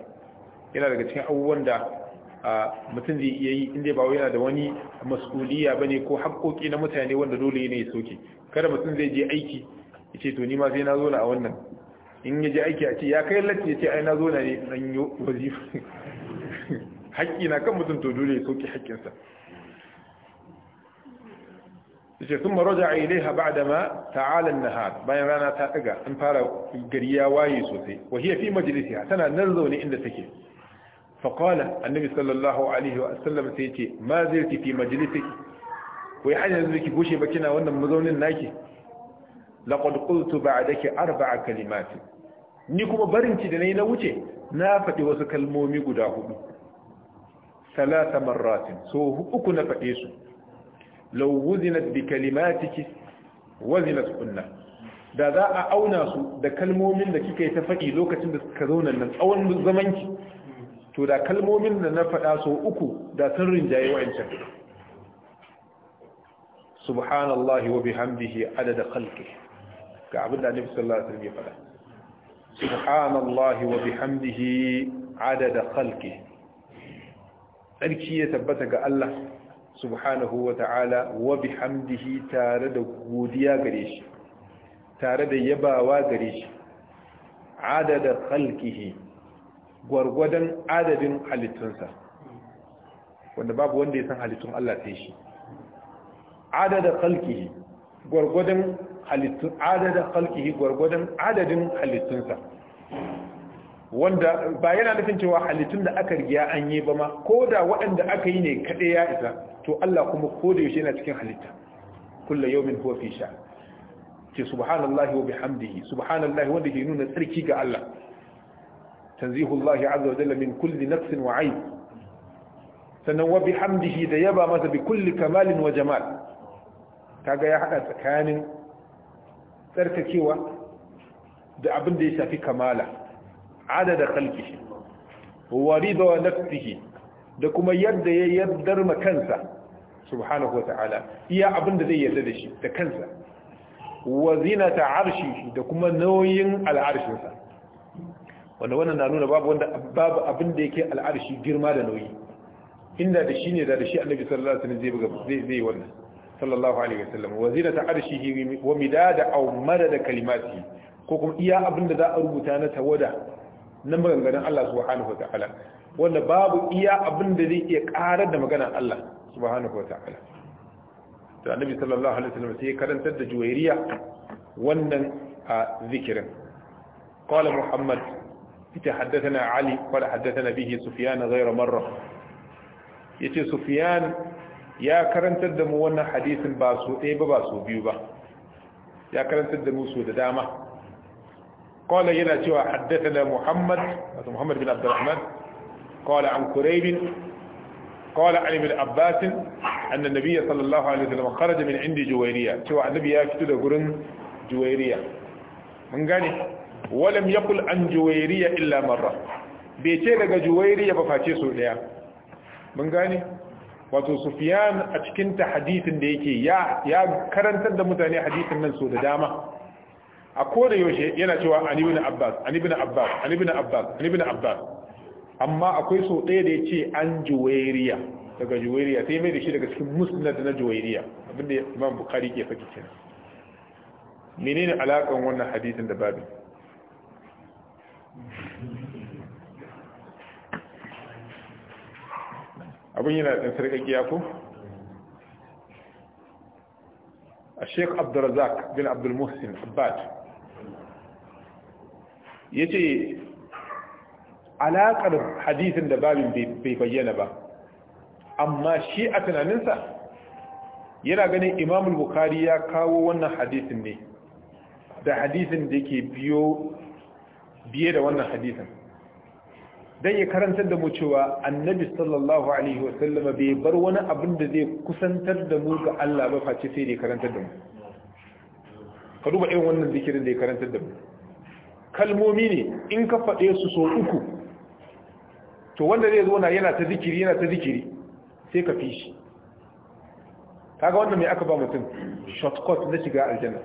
yana daga cikin abubuwan da mutum zai iya yi inda ba yana da wani mas'uliya ne ko haƙoƙi na mutane wanda dole ne ya soke kada mutum zai je aiki ya ce to ni ma sai na zo na a wannan in ya je aiki a ce ya kai latti ya ce ai na zo na ne dan yi wazifa haƙƙi na kan mutum to dole ya soke haƙƙinsa yace kuma raja'a ilaiha ba'dama ta'ala an-nahar bayan rana ta daga an fara gari ya waye sosai wa hiya fi majlisiha tana nan zaune inda take fa qala annabi sallallahu alaihi wa sallam sai yace ma zirti fi majlisiki wai hanya yanzu ki bushe ba kina wannan mazaunin naki laqad qultu ba'daki arba'a kalimat ni kuma barin ki da nayi na wuce na faɗi wasu kalmomi guda hudu salasa marratin so uku na faɗe su law wuzinat bi kalimatiki wazinat kunna da za a auna su da kalmomin da kika yi ta faɗi lokacin da suka zauna nan tsawon zamanci. to da kalmomin da na faɗa so uku da sun rinjaye wa'ancan subhanallahi wa bihamdihi adada khalqi ga abin da annabi sallallahu alaihi wasallam ya faɗa subhanallahi wa bihamdihi adada khalqi sarki ya tabbata ga Allah subhanahu wa ta'ala wa bihamdihi tare da godiya gare shi tare da yabawa gare shi adada khalqihi gwargwadon adadin halittunsa wanda babu wanda ya san halittun Allah sai shi adada khalqihi gwargwadon halittu adada khalqihi gurgudan adadin halittunsa wanda ba yana nufin cewa halittun da aka riga an yi ba ma ko da waɗanda aka yi ne kaɗai ya isa to Allah kuma ko da yaushe yana cikin halitta kullu yawmin huwa fi sha ce subhanallahi wa bihamdihi subhanallahi wanda ke nuna tsarki ga Allah tanzihullahi azza wa jalla min kulli nafsin wa sannan wa bihamdihi da yaba masa bi kulli kamalin wa jamal kaga ya hada tsakanin tsarkakewa da abin da ya shafi kamala adada khalqihi wa rida nafsihi da kuma yadda ya yaddar ma kansa subhanahu wata'ala iya abinda zai yarda da shi da kansa wa zinata arshihi da kuma nauyin sa wanda wannan na nuna babu wanda babu abin da yake al'arshi girma da nauyi inda da shi ne da da shi annabi sallallahu alaihi wasallam zai zai wannan sallallahu alaihi wasallam wa zinata arshihi wa midada aw madada kalimatihi ko kuma iya abinda da za a rubuta na tawada na maganganun Allah subhanahu wa ta'ala wanda babu iya abin da zai iya karar da maganar Allah subhanahu wa ta'ala to annabi sallallahu alaihi wasallam sai karantar da juwairiya wannan a zikirin qala muhammad ita haddathana ali qala haddathana bihi sufyan ghayra marra yace sufyan ya karantar da mu wannan hadisin ba su ɗaya ba ba su biyu ba ya karantar da mu su da dama قال ينا شوى حدثنا محمد محمد بن عبد الرحمن قال عن كريب قال عن ابن عباس أن النبي صلى الله عليه وسلم خرج من عند جويرية شوى النبي يفتد قرن جويرية من قال ولم يقل عن جويرية إلا مرة بيتي لغا جويرية بفاتي سؤلية من قال wato sufiyan a cikin ta hadisin da yake ya karantar da mutane hadisin nan so da dama a koda yaushe yana cewa ani ibn abbas ani ibn abbas ani ibn abbas ani ibn abbas amma akwai so ɗaya da ya ce an juwairiya daga juwairiya sai mai da shi daga cikin musnad na juwairiya abinda imam bukhari ke faɗi kenan menene alakan wannan hadisin da babin abin yana da sarkakiya ko الشيخ عبد الرزاق بن عبد المحسن عباد ya ce alaƙar hadisin da babin bai bayyana ba amma shi a tunaninsa yana ganin imamul bukari ya kawo wannan hadisin ne da hadisin da ke biyo biye da wannan hadisin don ya karantar da mu cewa annabi sallallahu alaihi wasallama bai bar wani abin da zai kusantar da mu ga Allah ba face sai da karantar da mu ka duba irin wannan zikirin da ya karantar da mu kalmomi ne in ka faɗe su so uku to wanda zai zo na yana ta zikiri yana ta zikiri sai ka fi shi kaga wanda mai aka ba mutum shortcut na shiga aljanna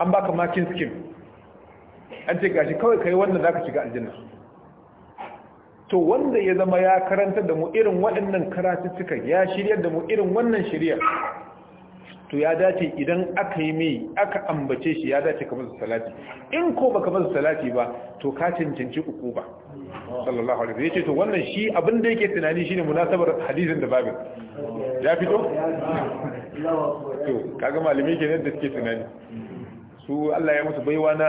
an baka makin skim an ce gashi kawai kai za ka shiga aljanna to wanda ya zama ya karanta da mu irin waɗannan karatuttukan ya shiryar da mu irin wannan shirya to ya dace idan aka yi mai aka ambace shi ya dace ka masa salati in ko baka masa salati ba to ka cancanci uku ba sallallahu alaihi yace to wannan shi abin da yake tunani shine munasabar hadisin da babin ya fito to kaga malamai kenan da suke tunani su Allah ya musu baiwa na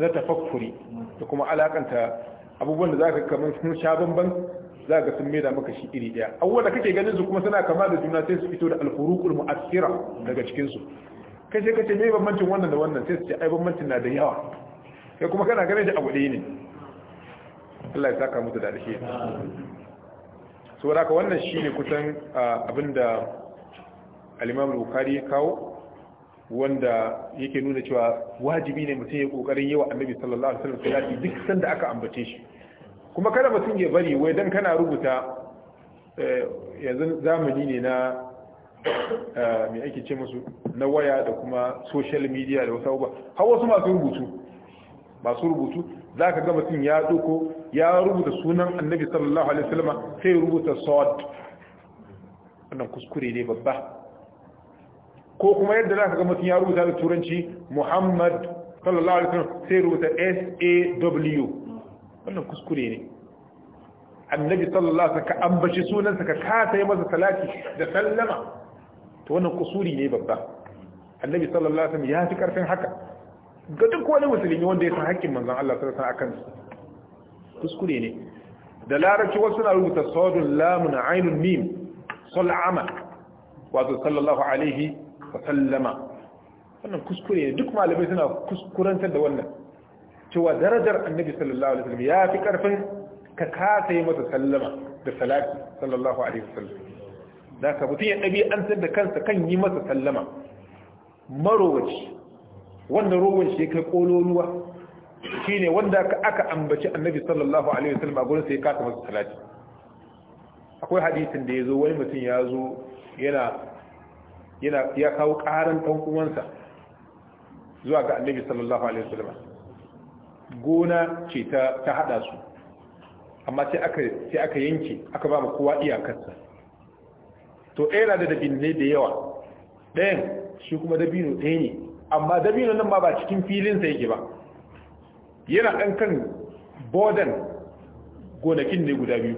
na tafakkuri da kuma alakanta abubuwan da zaka kamar sun sha bamban za ga sun maida maka shi iri daya da kake ganin su kuma suna kama da juna sai su fito da alfuruqul mu'assira daga cikin su kai sai kace me bambancin wannan da wannan sai su ce ai bambancin na da yawa kai kuma kana ganin da abu ɗaya ne Allah ya saka musu da dashi saboda ka wannan shine kusan abinda al-Imam Bukhari ya kawo wanda yake nuna cewa wajibi ne mutum ya kokarin yawa Annabi sallallahu alaihi wasallam salati duk sanda aka ambace shi kuma kada mutum ya bari wai don kana rubuta eh, yanzu zamani ne na eh, mai ake ce musu na waya da kuma social media da wasu abubuwa har wasu masu rubutu masu rubutu za ka gama sun ya doko ya rubuta sunan annabi sallallahu alaihi wasallama sai rubuta sword wannan kuskure ne babba ko kuma yadda za ka gama sun ya rubuta da turanci muhammad sallallahu alaihi wasallama sai rubuta s a w wannan kuskure ne annabi sallallahu alaihi wasallam ka ambaci sunansa ka kasa yi masa salati da sallama to wannan kusuri ne babba annabi sallallahu alaihi wasallam ya fi karfin haka ga duk wani musulmi wanda ya san hakkin manzon Allah sallallahu alaihi wasallam kuskure ne da larabci wasu na rubuta sadun lamun ainun mim sal'ama wato sallallahu alaihi wa sallama wannan kuskure ne duk malamai suna kuskurantar da wannan cewa darajar annabi sallallahu alaihi wasallam ya fi karfin ka kasa masa sallama da salati sallallahu alaihi wasallam da ka mutum ya an san da kansa kan yi masa sallama marowaci wanda rowan shi kai kololuwa shine wanda aka ambaci annabi sallallahu alaihi wasallam a gurin sai kasa masa salati akwai hadisin da yazo wani mutum ya zo yana yana ya kawo karan dan uwansa zuwa ga annabi sallallahu alaihi wasallam gona ce ta haɗa su amma sai aka yanke aka ba kowa iyakarsa to ɗaya na da ne da yawa ɗayan shi kuma dabino ɗaya ne amma dabino nan ba ba cikin filinsa yake ba yana ɗan kan bodan gonakin ne guda biyu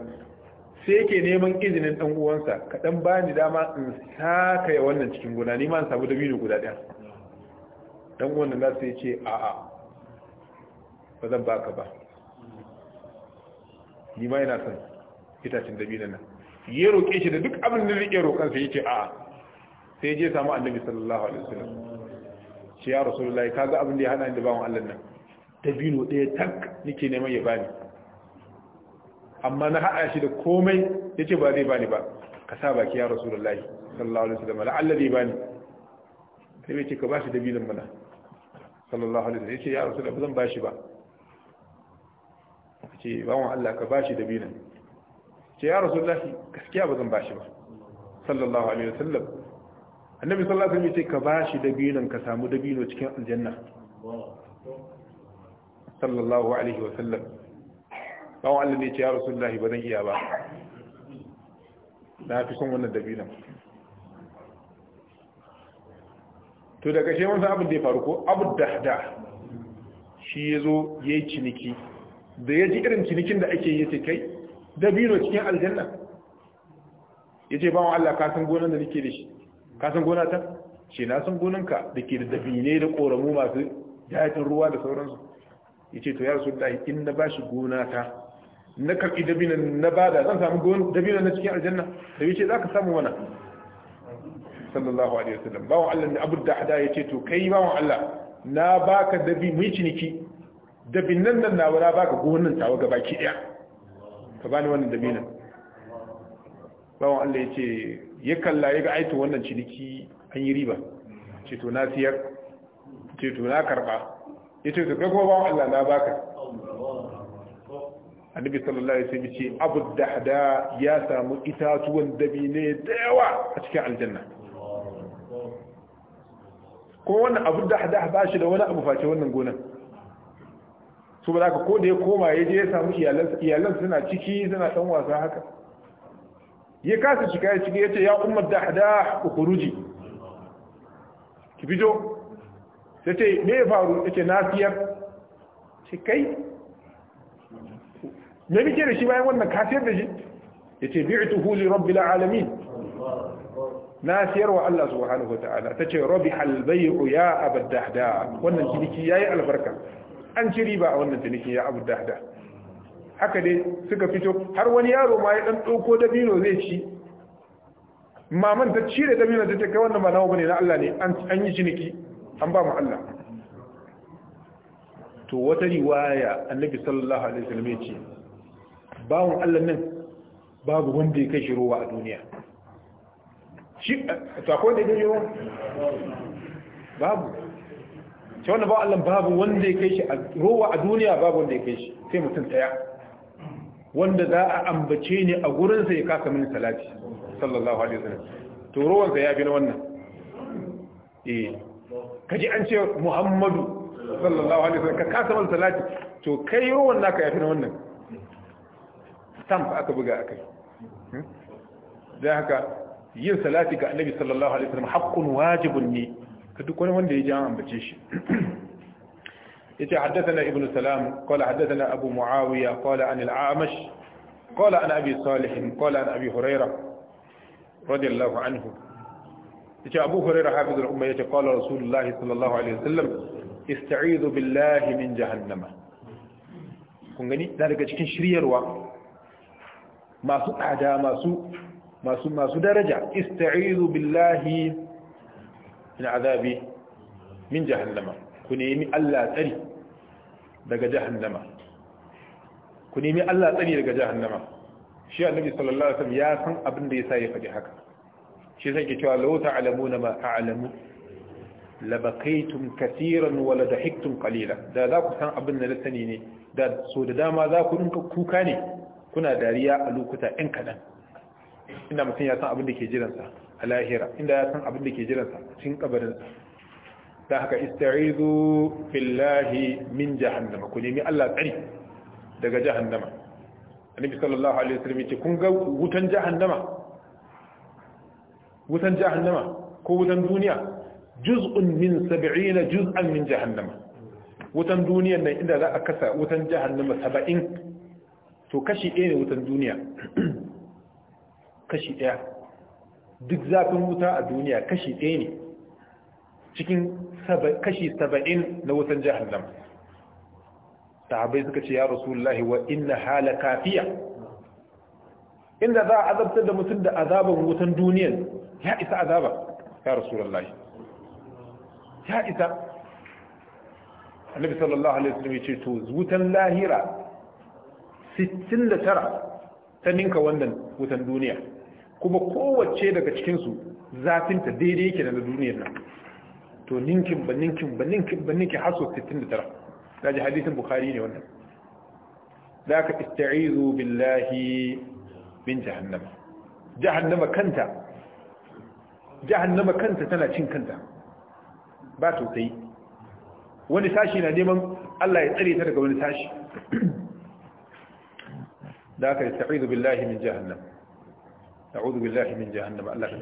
sai yake neman izinin ɗan uwansa kaɗan ba ni dama in saka ya wannan cikin gona ni ma in samu dabino guda ɗaya ɗan uwan nan za su yi ce a'a ba zan baka ba ni ma yana son itacin dabinan nan ya roƙe shi da duk abin da zai iya roƙon sa yace a'a sai je samu annabi sallallahu alaihi wasallam shi ya rasulullahi kaga abin da ya hana ni da bawon Allah nan dabino ɗaya tak nake neman ya bani amma na haɗa shi da komai ce ba zai bani ba ka sa baki ya rasulullahi sallallahu alaihi wasallam Allah zai bani sai ce ka shi dabinan mana sallallahu alaihi wasallam yace ya rasulullahi ba zan ba shi ba ce bawan Allah ka bashi da binan ce ya rasulullahi gaskiya ba zan bashi ba sallallahu alaihi wasallam annabi sallallahu alaihi wasallam ce ka bashi da binan ka samu dabino cikin aljanna sallallahu alaihi wasallam bawan Allah ne ce ya rasulullahi ba zan iya ba na fi son wannan dabinan to daga shi wani abin da ya faru ko abu dahda shi ya zo ya yi ciniki da ya ji irin cinikin da ake yi ce kai dabino cikin aljanna ya ce wa Allah kasan gonan da nake da shi kasan gona ta ce na san gonanka da ke da dabine da koramu masu daɗin ruwa da sauransu ya ce to ya rasu da in na bashi gona ta na karɓi dabinan na bada zan samu dabinan na cikin aljanna da ya ce za ka samu wana sallallahu alaihi wasallam wa Allah ne abu da hada ya ce to kai wa Allah na baka dabi mai ciniki da binnan nan nawa na ka gonan tawa ga baki ɗaya ka bani wannan da binan bawan Allah ya ce ya kalla ya ga aitin wannan ciniki an yi riba ce na siyar ce na karɓa ya ce to kai kuma bawan Allah na baka annabi sallallahu alaihi wasallam ce abu dahda ya samu itatuwan dabine da yawa a cikin aljanna ko wannan abu dahda ba shi da wani abu face wannan gonan su ba ka ko da ya koma ya je ya samu iyalan suna ciki suna ɗan wasa haka ya kasa cika ya cika ya ce ya umar da hada ukuruji ki fito sai ce me ya faru ya ce na siyar ce kai me muke da shi bayan wannan ka siyar da shi ya ce bi'tuhu li rabbil alamin na siyar wa Allah subhanahu wa ta'ala ta ce rabi halbayu ya abad hada. wannan ciniki yi albarka an ci riba a wannan ciniki ya abu dahda haka dai suka fito har wani yaro ma ya dan ɗauko dabino zai ci maman ta cire dabino ta ce kai wannan ba nawa bane na Allah ne an yi ciniki an ba mu Allah to wata riwaya annabi sallallahu alaihi wasallam ya ce bawon Allah nan babu wanda ya kai shi ruwa a duniya shi to akwai da ya ruwa babu shi wannan ba Allah babu wanda ya kai shi a rowa a duniya babu wanda ya kai shi sai mutum daya wanda za a ambace ni a gurin sa ya kasa mini salati sallallahu alaihi wasallam to rowan sa ya bi na wannan eh kaji an ce Muhammadu sallallahu alaihi wasallam ka kasa mini salati to kai rowan naka ya fi na wannan stamp aka buga akai hmm? dan haka yin salati ga annabi sallallahu alaihi wasallam haqqun wajibun ne ka duk wani wanda ya ji an ambace shi yace haddathana ibn salam qala haddathana abu muawiya qala an al-amash qala an abi salih qala an abi hurairah radiyallahu anhu yace abu hurairah hafiz al-umma yace qala rasulullahi sallallahu alaihi wasallam ista'idhu billahi min jahannama kun gani na daga cikin shiryarwa masu tsada masu masu daraja ista'izu billahi min azabi min jahannama ku nemi Allah tsari daga jahannama ku nemi Allah tsari daga jahannama shi annabi sallallahu alaihi wasallam ya san abin da yasa ya faɗi haka shi sai ke cewa law ta'lamuna ma a'lamu labakaitum katiran wa ladahiktum qalila da za ku san abin da sani ne da so da dama za ku dinka kuka ne kuna dariya a lokuta ɗan kaɗan ina mutum ya san abin da ke jiransa a lahira inda ya san abin da ke jiransa cikin kabarinsa da haka ista'izu billahi min jahannama ku nemi Allah tsari daga jahannama annabi sallallahu alaihi wasallam yace kun ga wutan jahannama wutan jahannama ko wutan duniya juz'un min 70 juz'an min jahannama wutan duniyar nan inda za a kasa wutan jahannama 70 to kashi ɗaya ne wutan duniya kashi ɗaya duk zafin wuta a duniya kashi ɗaya ne cikin kashi saba'in na wutan jahannam sahabai suka ce ya rasulullahi wa inna hala kafiya inda za a azabtar da mutum da azaban wutan duniyan ya isa azaba ya rasulullahi ya isa annabi sallallahu alaihi wasallam ya ce to wutan lahira 69 ta ninka wannan wutan duniya kuma kowace daga cikinsu zafinta daidai yake da na duniyar nan to ninkin ba ninkin ba ninkin ba ninkin har sau 69 daji hadisin bukhari ne wannan da aka ista'izu billahi min jahannama jahannama kanta jahannama kanta tana cin kanta ba tausayi wani sashi na neman Allah ya tsare ta daga wani sashi da aka ista'izu billahi min jahannama na'udhu billahi min jahannam suna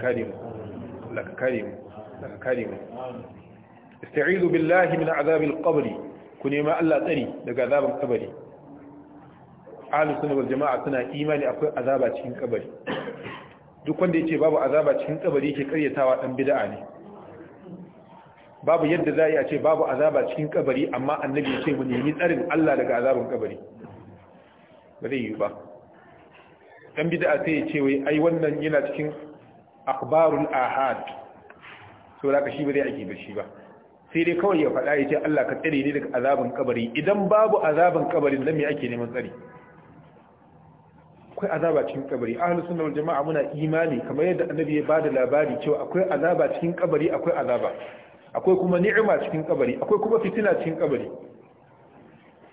imani duk wanda babu azaba cikin kabari karyatawa dan bid'a ne babu yadda za a ce babu azaba cikin kabari amma annabi ya ce mu nemi tsarin Allah daga azabin kabari ba zai yi ba dan bid'a sai ya ce wai ai wannan yana cikin akhbarul ahad to da shi ba zai ake bar shi ba sai dai kawai ya faɗa ya ce Allah ka tsare ni daga azabin kabari idan babu azabin kabari dan me ake neman tsari akwai azaba cikin kabari ahli sunna wal jamaa muna imani kamar yadda annabi ya bada labari cewa akwai azaba cikin kabari akwai azaba akwai kuma ni'ima cikin kabari akwai kuma fitina cikin kabari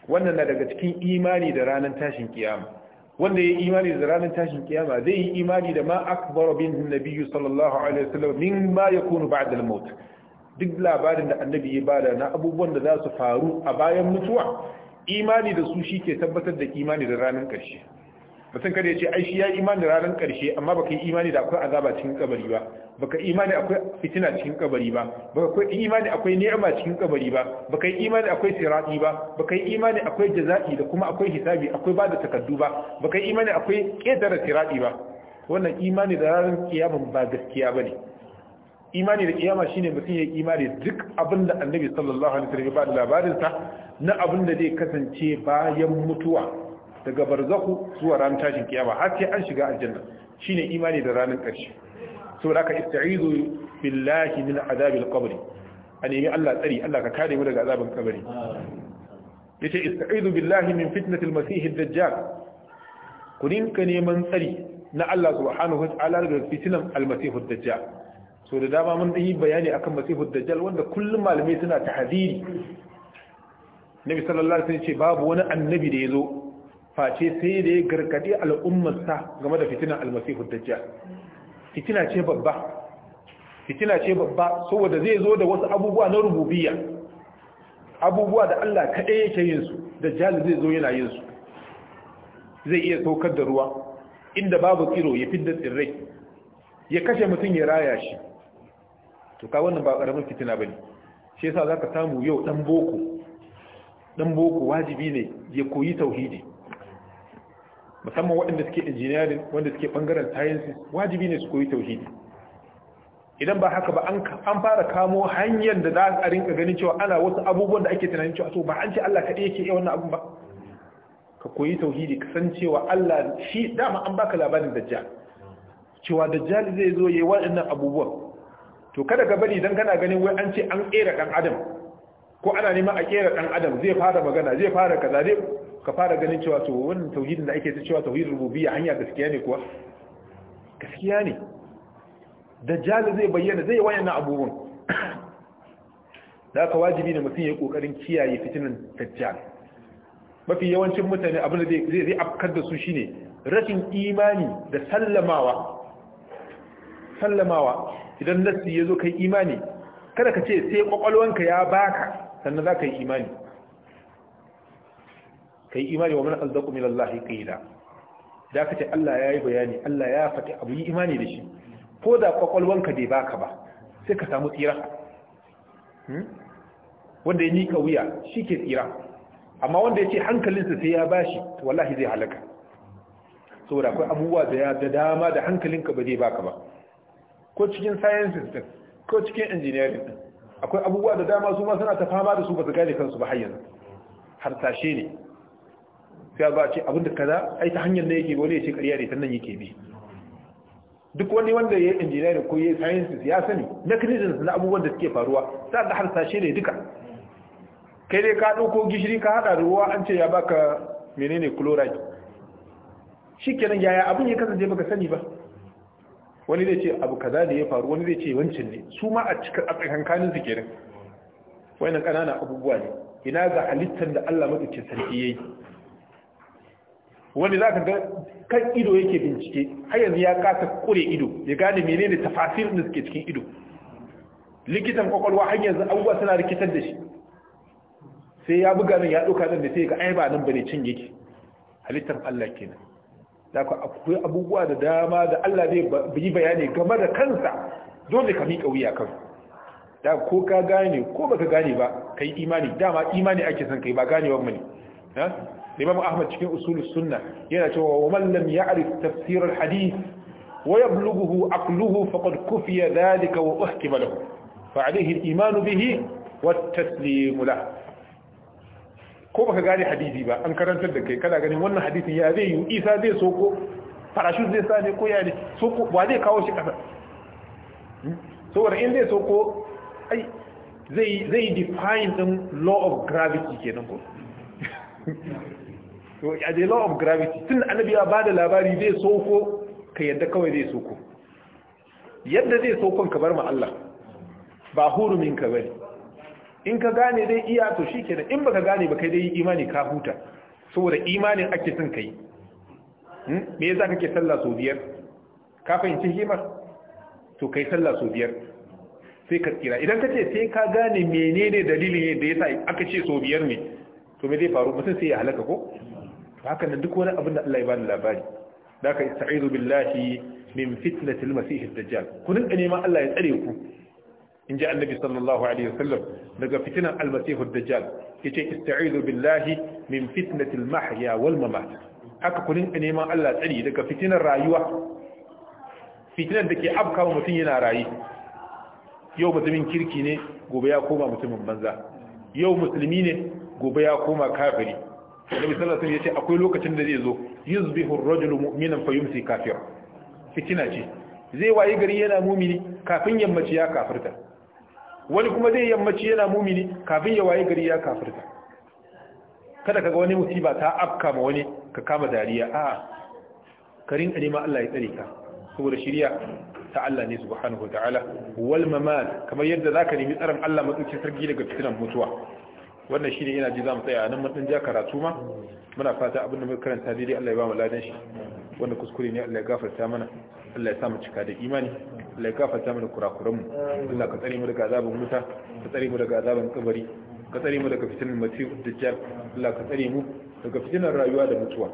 wannan na daga cikin imani da ranar tashin kiyama wanda ya imani da ranar tashin kiyama zai yi imani da ma akbar bin nabiyyu sallallahu alaihi wasallam min ma yakunu ba'da al-maut duk labarin da annabi ya bada na abubuwan da za su faru a bayan mutuwa imani da su shi ke tabbatar da imani da ranar ƙarshe mutum kada ya ce ai shi ya imani ranar karshe amma baka yi imani da akwai azaba cikin kabari ba baka imani akwai fitina cikin kabari ba baka yi imani akwai ni'ima cikin kabari ba baka yi imani akwai sirati ba baka yi imani akwai jaza'i da kuma akwai hisabi akwai bada takaddu ba baka yi imani akwai ƙetare sirati ba wannan imani da ranar kiyama ba gaskiya bane imani da kiyama shine mutum ya imani duk abin da annabi sallallahu alaihi wasallam ya ba da labarin sa na abin da zai kasance bayan mutuwa daga barzahu zuwa ran tashin kiyama har sai an shiga aljanna shine imani da ranar ƙarshe saboda haka ista'izu billahi min azabil qabri a nemi Allah tsari Allah ka kare mu daga azabin kabari yace ista'izu billahi min fitnatil masih ad-dajjal ku dinka neman tsari na Allah subhanahu wata'ala daga fitinan al-masih ad-dajjal so da dama mun yi bayani akan masih ad-dajjal wanda kullum malamai suna tahdiri Nabi sallallahu alaihi wasallam ce babu wani annabi da yazo face sai da ya gargaɗi al'ummarsa game da fitina almasihu dajjal fitina ce babba fitina ce babba saboda zai zo da wasu abubuwa na rububiyya abubuwa da Allah kaɗai yake yin su dajjal zai zo yana yin su zai iya saukar da ruwa inda babu tsiro ya fidda tsirrai ya kashe mutum ya raya shi to ka wannan ba ƙaramin fitina bane shi yasa zaka samu yau dan boko dan boko wajibi ne ya koyi tauhidi musamman waɗanda suke injiniyarin wanda suke bangaren sciences wajibi ne su koyi tauhidi idan ba haka ba an fara kamo hanyar da za a rinka ganin cewa ana wasu abubuwan da ake tunanin cewa so ba an ce Allah kaɗai yake iya wannan abun ba ka koyi tauhidi ka san cewa Allah shi dama an baka labarin dajjal cewa dajjal zai zo yayi waɗannan abubuwan to kada ka bari idan kana ganin wai an ce an kera dan adam ko ana neman a kera dan adam zai fara magana zai fara kaza zai ka fara ganin cewa to wannan tauhidin da ake ta cewa tauhidin rububiyya hanya gaskiya ne kuwa gaskiya ne dajjal zai bayyana zai wayannan abubuwan da aka wajibi ne mutum ya yi kokarin kiyaye fitinan dajjal mafi yawancin mutane abin da zai zai afkar da su shine rashin imani da sallamawa sallamawa idan nasi ya zo kai imani kada ka ce sai kwakwalwanka ya baka sannan za ka yi imani kai imani wa man asdaqu min Allah qila da kace Allah yayi bayani Allah ya faɗi abu yi imani da shi ko da kwakwalwanka bai baka ba sai ka samu tsira hmm? wanda ya nika wuya shi ke tsira amma wanda ya ce hankalinsa sai ya bashi wallahi zai halaka saboda akwai abubuwa da da dama da hankalinka ba zai baka ba ko cikin sciences din ko cikin engineering din akwai abubuwa da dama su ma suna ta fama da su ba su gane kansu ba har yanzu harsashe ne sai ba a ce abin da kaza ai ta hanyar da yake wani ya ce ƙarya ne ta nan yake bi duk wani wanda ya yi engineering ko ya yi sciences ya sani mechanisms na abubuwan da suke faruwa sa da harsashe ne duka kai dai ka ɗauko gishiri ka haɗa da ruwa an ce ya baka menene chloride shi kenan yaya abin ya kasance baka sani ba wani zai ce abu kaza ne ya faru wani zai ce wancan ne su ma a cikin a tsakankanin su kenan wayannan ƙananan abubuwa ne ina ga halittar da Allah madaukakin sarki yayi wani za ka ga kan ido yake bincike har yanzu ya kasa kure ido ya gane menene tafasir da suke cikin ido likitan kwakwalwa har yanzu abubuwa suna rikitar da shi sai ya buga nan ya ɗauka nan da sai ga ai ba nan bane cin yake halittar Allah kenan da ku akwai abubuwa da dama da Allah zai yi bayani game da kansa dole ka miƙa wuya kan da ko ka gane ko baka gane ba kai imani dama imani ake son kai ba ganewa mu ne imam ahmad cikin usulus sunna yana cewa wa man lam ya'rif tafsir al hadith wa yablughu aqluhu faqad kufiya dhalika wa uhkima lahu fa alayhi al iman bihi wa taslim lahu ko baka gane hadisi ba an karantar da kai kana ganin wannan hadisi ya zai yi isa zai soko parachute zai sa ne ko ya ne soko ba zai kawo shi kasa hmm? saboda in zai soko ai zai define din law of gravity kenan ko a jai law of gravity tun annabi ya bada labari zai soko ka yadda kawai zai soko yadda zai soko ka bar ma Allah ba hurumin ka bane in ka gane dai iya to shikenan in baka gane ba kai dai imani ka huta saboda imanin ake son kai hmm? me yasa kake sallah sau biyar ka fahimci himar to kai sallah sau biyar sai ka tsira idan ka ce sai ka gane menene dalilin da yasa aka ce sau biyar ne to me zai faru mutum sai ya halaka ko haka nan duk wani abin da Allah ya bani labari da ka ista'izu billahi min fitnatil masih ad-dajjal ku rinka neman Allah ya tsare ku in ji annabi sallallahu alaihi wasallam daga fitinan al-masih ad-dajjal yace ista'izu billahi min fitnatil mahya wal mamat haka ku rinka neman Allah tsare daga fitinar rayuwa fitinar da ke afka wa mutum yana rayi yau mutumin kirki ne gobe ya koma mutumin banza yau musulmi ne gobe ya koma kafiri Annabi sallallahu alaihi wasallam ce, akwai lokacin da zai zo yuzbihu ar-rajulu mu'minan fayumsi kafir fitina ce zai waye gari yana mumini kafin yammaci ya kafirta wani kuma zai yammaci yana mumini kafin ya waye gari ya kafirta kada kaga wani musiba ta afka ma wani ka kama dariya a karin alima Allah ya tsare ka saboda shiriya ta Allah ne subhanahu wataala wal mamat kamar yadda zaka nemi tsaron Allah matsuci sarki daga fitinan mutuwa wannan shi ne ina ji zamu a nan mun din ja karatu ma muna fata abin da muka karanta daidai Allah ya ba mu ladan shi wanda kuskure ne Allah ya gafarta mana Allah ya cika da imani Allah ya gafarta mana kurakuranmu mu Allah ka tsare mu daga azabin wuta ka tsare mu daga azabin kabari ka tsare mu daga fitinar masihu dajjal Allah ka tsare mu daga fitinar rayuwa da mutuwa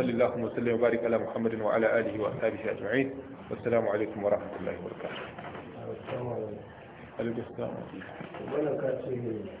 sallallahu alaihi wa sallam barik ala muhammadin wa ala alihi wa ashabihi ajma'in wassalamu alaikum wa rahmatullahi wa barakatuh alaikum assalam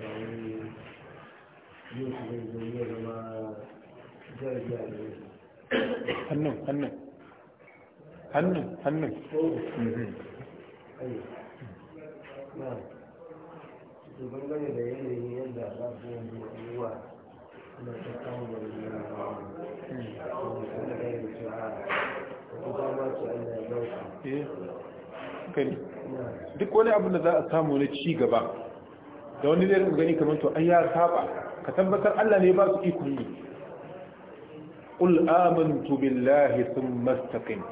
Eh, duk wani abu da za a samu na ci gaba da wani zai gani kamar to an ya saba ka tabbatar Allah ne ba su ikon yi qul amantu billahi thumma istaqim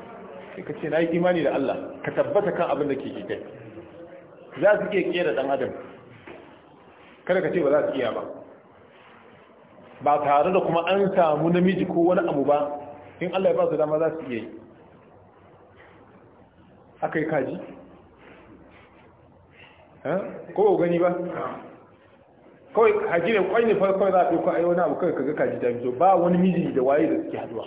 sai ka ce nayi imani da Allah ka tabbata kan abin da ke kai za su iya kera dan adam kada ka ce ba za su iya ba ba tare da kuma an samu namiji ko wani abu ba in Allah ya ba su dama za su iya yi aka yi kaji ko ba gani ba kawai haji ne kwai ne farko za a ɗauka a yi wani abu kawai kaga kaji ta fito ba wani miji da waye da suke haduwa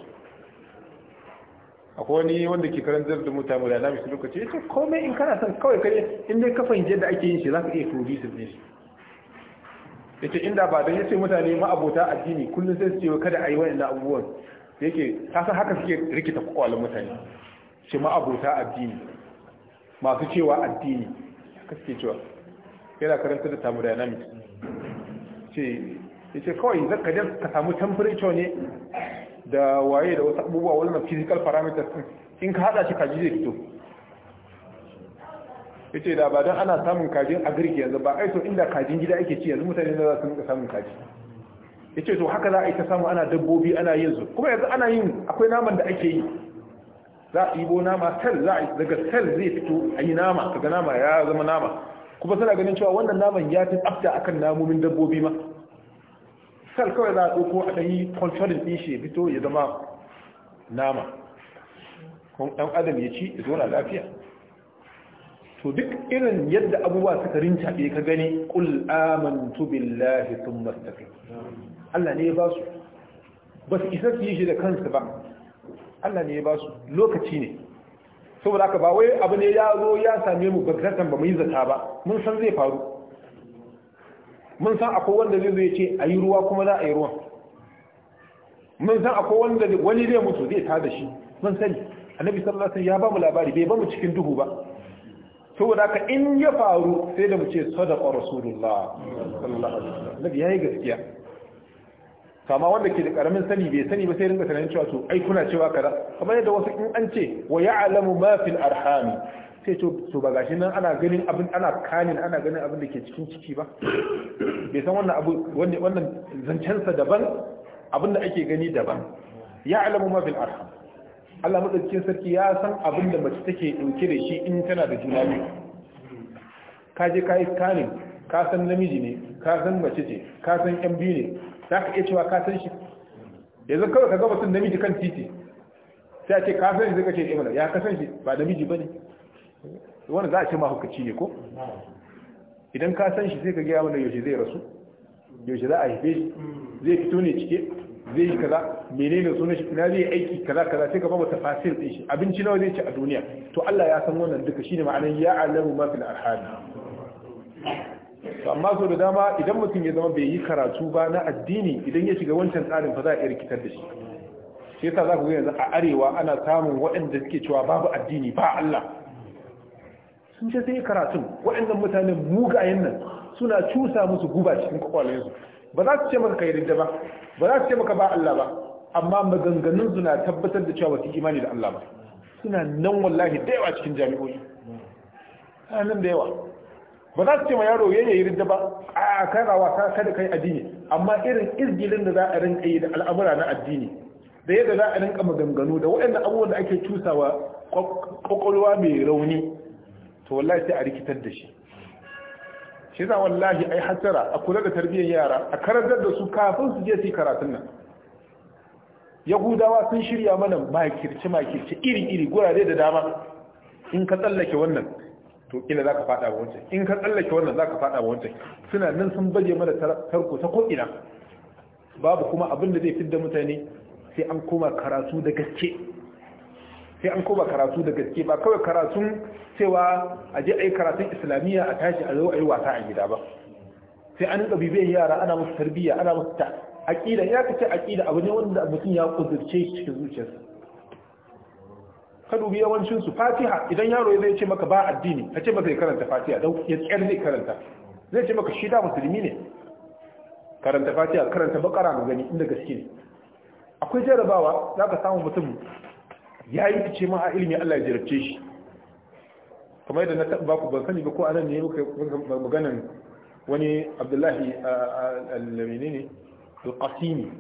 akwai wani wanda ke karantar da mutane da alamis lokaci ya ce komai in kana son kawai kare in dai ka fahimci yadda ake yin shi za ka iya producing ne shi ya ce inda ba don ya ce mutane ma'abota addini kullum sai su ce kada a yi wa'in abubuwan yake ta san haka suke rikita kwakwalin mutane ce ma'abota addini masu cewa addini kaske cewa yana karanta da thermodynamics ce ya ce kawai zaka jan ka samu temperature ne da waye da wasu abubuwa wannan physical parameters in ka hada shi kaji zai fito ya ce da ba don ana samun kajin agirki yanzu ba aiso inda kajin gida ake ci yanzu mutane za su nuka samun kaji ya ce to haka za a yi ta samu ana dabbobi ana yin su kuma yanzu ana yin akwai naman da ake yi za a ibo nama sel za a daga sel zai fito a yi nama kaga nama ya zama nama kuma suna ganin cewa wannan naman ya fi tsafta akan namomin dabbobi ma sel kawai za a ɗauko a ɗanyi kwanfarin ɗin shi fito ya zama nama kuma ɗan adam ya ci ya zauna lafiya to duk irin yadda abubuwa suka rinta ne ka gani ƙul amantu billahi sun mastafi Allah ne ya ba su ba su isa su yi shi da kansu ba Allah ne ya ba su lokaci ne saboda haka ba wai abu ne ya zo ya same mu bakatan ba mu yi zata ba mun san zai faru mun san akwai wanda zai zo ya ce a yi ruwa kuma za a yi ruwan mun san akwai wanda wani zai mutu zai ta da shi mun sani annabi sallallahu alaihi ya ba mu labari bai ba mu cikin duhu ba saboda haka in ya faru sai da mu ce sadaqa rasulullah sallallahu alaihi wasallam nabi yayi gaskiya kama wanda ke da karamin sani bai sani ba sai rinka sanin cewa to ai kuna cewa kaza kamar yadda wasu in an ce wa ya'lamu ma fil arham sai to to ba gashi nan ana ganin abin ana kanin ana ganin abin da ke cikin ciki ba bai san wannan abu wannan zancensa daban abin da ake gani daban ya'lamu ma fil arham Allah madaukakin sarki ya san abin da mace take dauke da shi in tana da juna biyu ka je ka yi kanin ka san namiji ne ka san mace ce ka san yan biyu ne za ka iya cewa kasan shi yanzu kawai ka ga mutum namiji kan titi sai a ce kasan shi zaka ce imana eh, ya kasan shi ba namiji ba ne? wani za a ce ma hukaci ne ko idan ka san shi sai ka gaya mana yaushe zai rasu yaushe za a haife shi zai fito ne cike zai yi kaza menene sunan shi ina zai aiki kaza kaza sai ka ba mu fasil din shi abinci nawa zai ci a duniya to Allah ya san wannan duka shine ma'anar ya alamu ma fil arham amma so da dama idan mutum ya zama bai yi karatu ba na addini idan ya shiga wancan tsarin fa za a iya rikitar da shi shi yasa za ku ga yanzu a arewa ana samun waɗanda suke cewa babu addini ba Allah sun ce sai karatun waɗannan mutanen mugayen nan suna cusa musu guba cikin su ba za su ce maka kai ridda ba ba za su ce maka ba Allah ba amma maganganun na tabbatar da cewa su imani da Allah ba suna nan wallahi da yawa cikin jami'o'i nan da yawa ba za su ce ma yaro ya yi rinda ba a kana wasa kada kai addini amma irin izgilin da za a rinka yi da al'amura na addini da yadda za a rinka maganganu da waɗanda abubuwan da ake cusawa ƙwaƙwalwa mai rauni to wallahi sai a rikitar da shi shi za wallahi ai hasara a kula da tarbiyyar yara a karantar da su kafin su je su yi karatun nan yahudawa sun shirya mana makirce makirce iri iri gurare da dama in ka tsallake wannan to kila za ka fada ba wancan in ka tsallake wannan za ka fada ba wancan suna nan sun baje mana tarko ta ko'ina babu kuma abin da zai fidda mutane sai an koma karatu da gaske sai an koma karatu da gaske ba kawai karatun cewa a je a yi karatun islamiyya a tashi a zo a yi wasa a gida ba sai an rika bibiyan yara ana musu tarbiyya ana musu ta aqida ya kace aqida abu ne wanda mutum ya kudurce cikin zuciyarsa ka dubi yawancin su fatiha idan yaro zai ce maka ba addini ka ce maka karanta fatiha don ya tsayar zai karanta zai ce maka shi da musulmi ne karanta fatiha karanta bakara mu gani inda gaske ne akwai jarabawa zaka samu mutum ya yi fice ma a ilimi Allah ya jarabce shi kamar yadda na taɓa ku ban sani ba ko anan ne muka maganan wani abdullahi al-lamini al-qasimi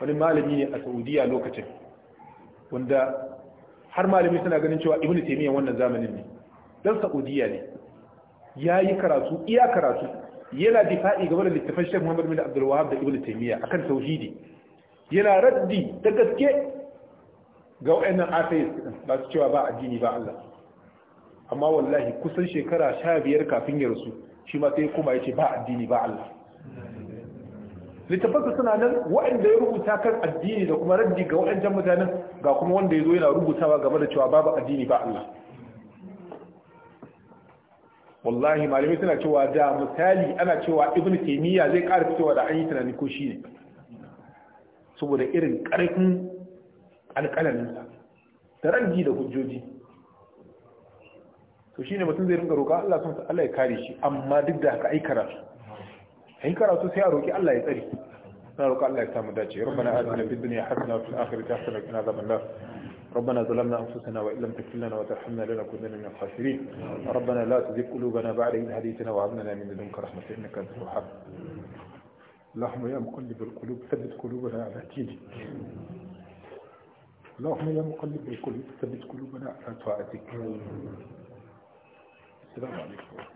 wani malami ne a saudiya lokacin wanda har malami suna ganin cewa ibnu taymiya wannan zamanin ne dan saudiya ne yayi karatu iya karatu yana difa'i game da littafin Sheikh Muhammad bin Abdul Wahhab da Ibn Taymiyyah akan tauhidi yana raddi ta gaske ga wayannan atheist ba su cewa ba addini ba Allah amma wallahi kusan shekara 15 kafin ya rasu shi ma sai ya ce ba addini ba Allah littafansa suna nan waɗanda ya rubuta kan addini da kuma raddi ga waɗancan mutanen ga kuma wanda ya zo yana rubutawa game da cewa babu addini ba Allah wallahi malamai suna cewa da misali ana cewa ibn taimiyya zai ƙara fitowa da an yi tunani ko shi ne saboda irin ƙarfin alƙalaminsa da raddi da hujjoji to shine mutum zai rinka roƙa Allah sun Allah ya kare shi amma duk da haka ai karatu ai karatu sai a roki Allah ya tsare na roƙa Allah ya samu dace rabbana atina fid dunya hasana wa fil akhirati hasana wa qina adhaban nar ربنا ظلمنا أنفسنا وإن لم تغفر لنا وترحمنا لنكونن من الخاسرين ربنا لا تزغ قلوبنا بعد إذ هديتنا وهب لنا من لدنك رحمة إنك أنت الوهاب اللهم يا مقلب القلوب ثبت قلوبنا على دينك اللهم يا مقلب القلوب ثبت قلوبنا على طاعتك السلام عليكم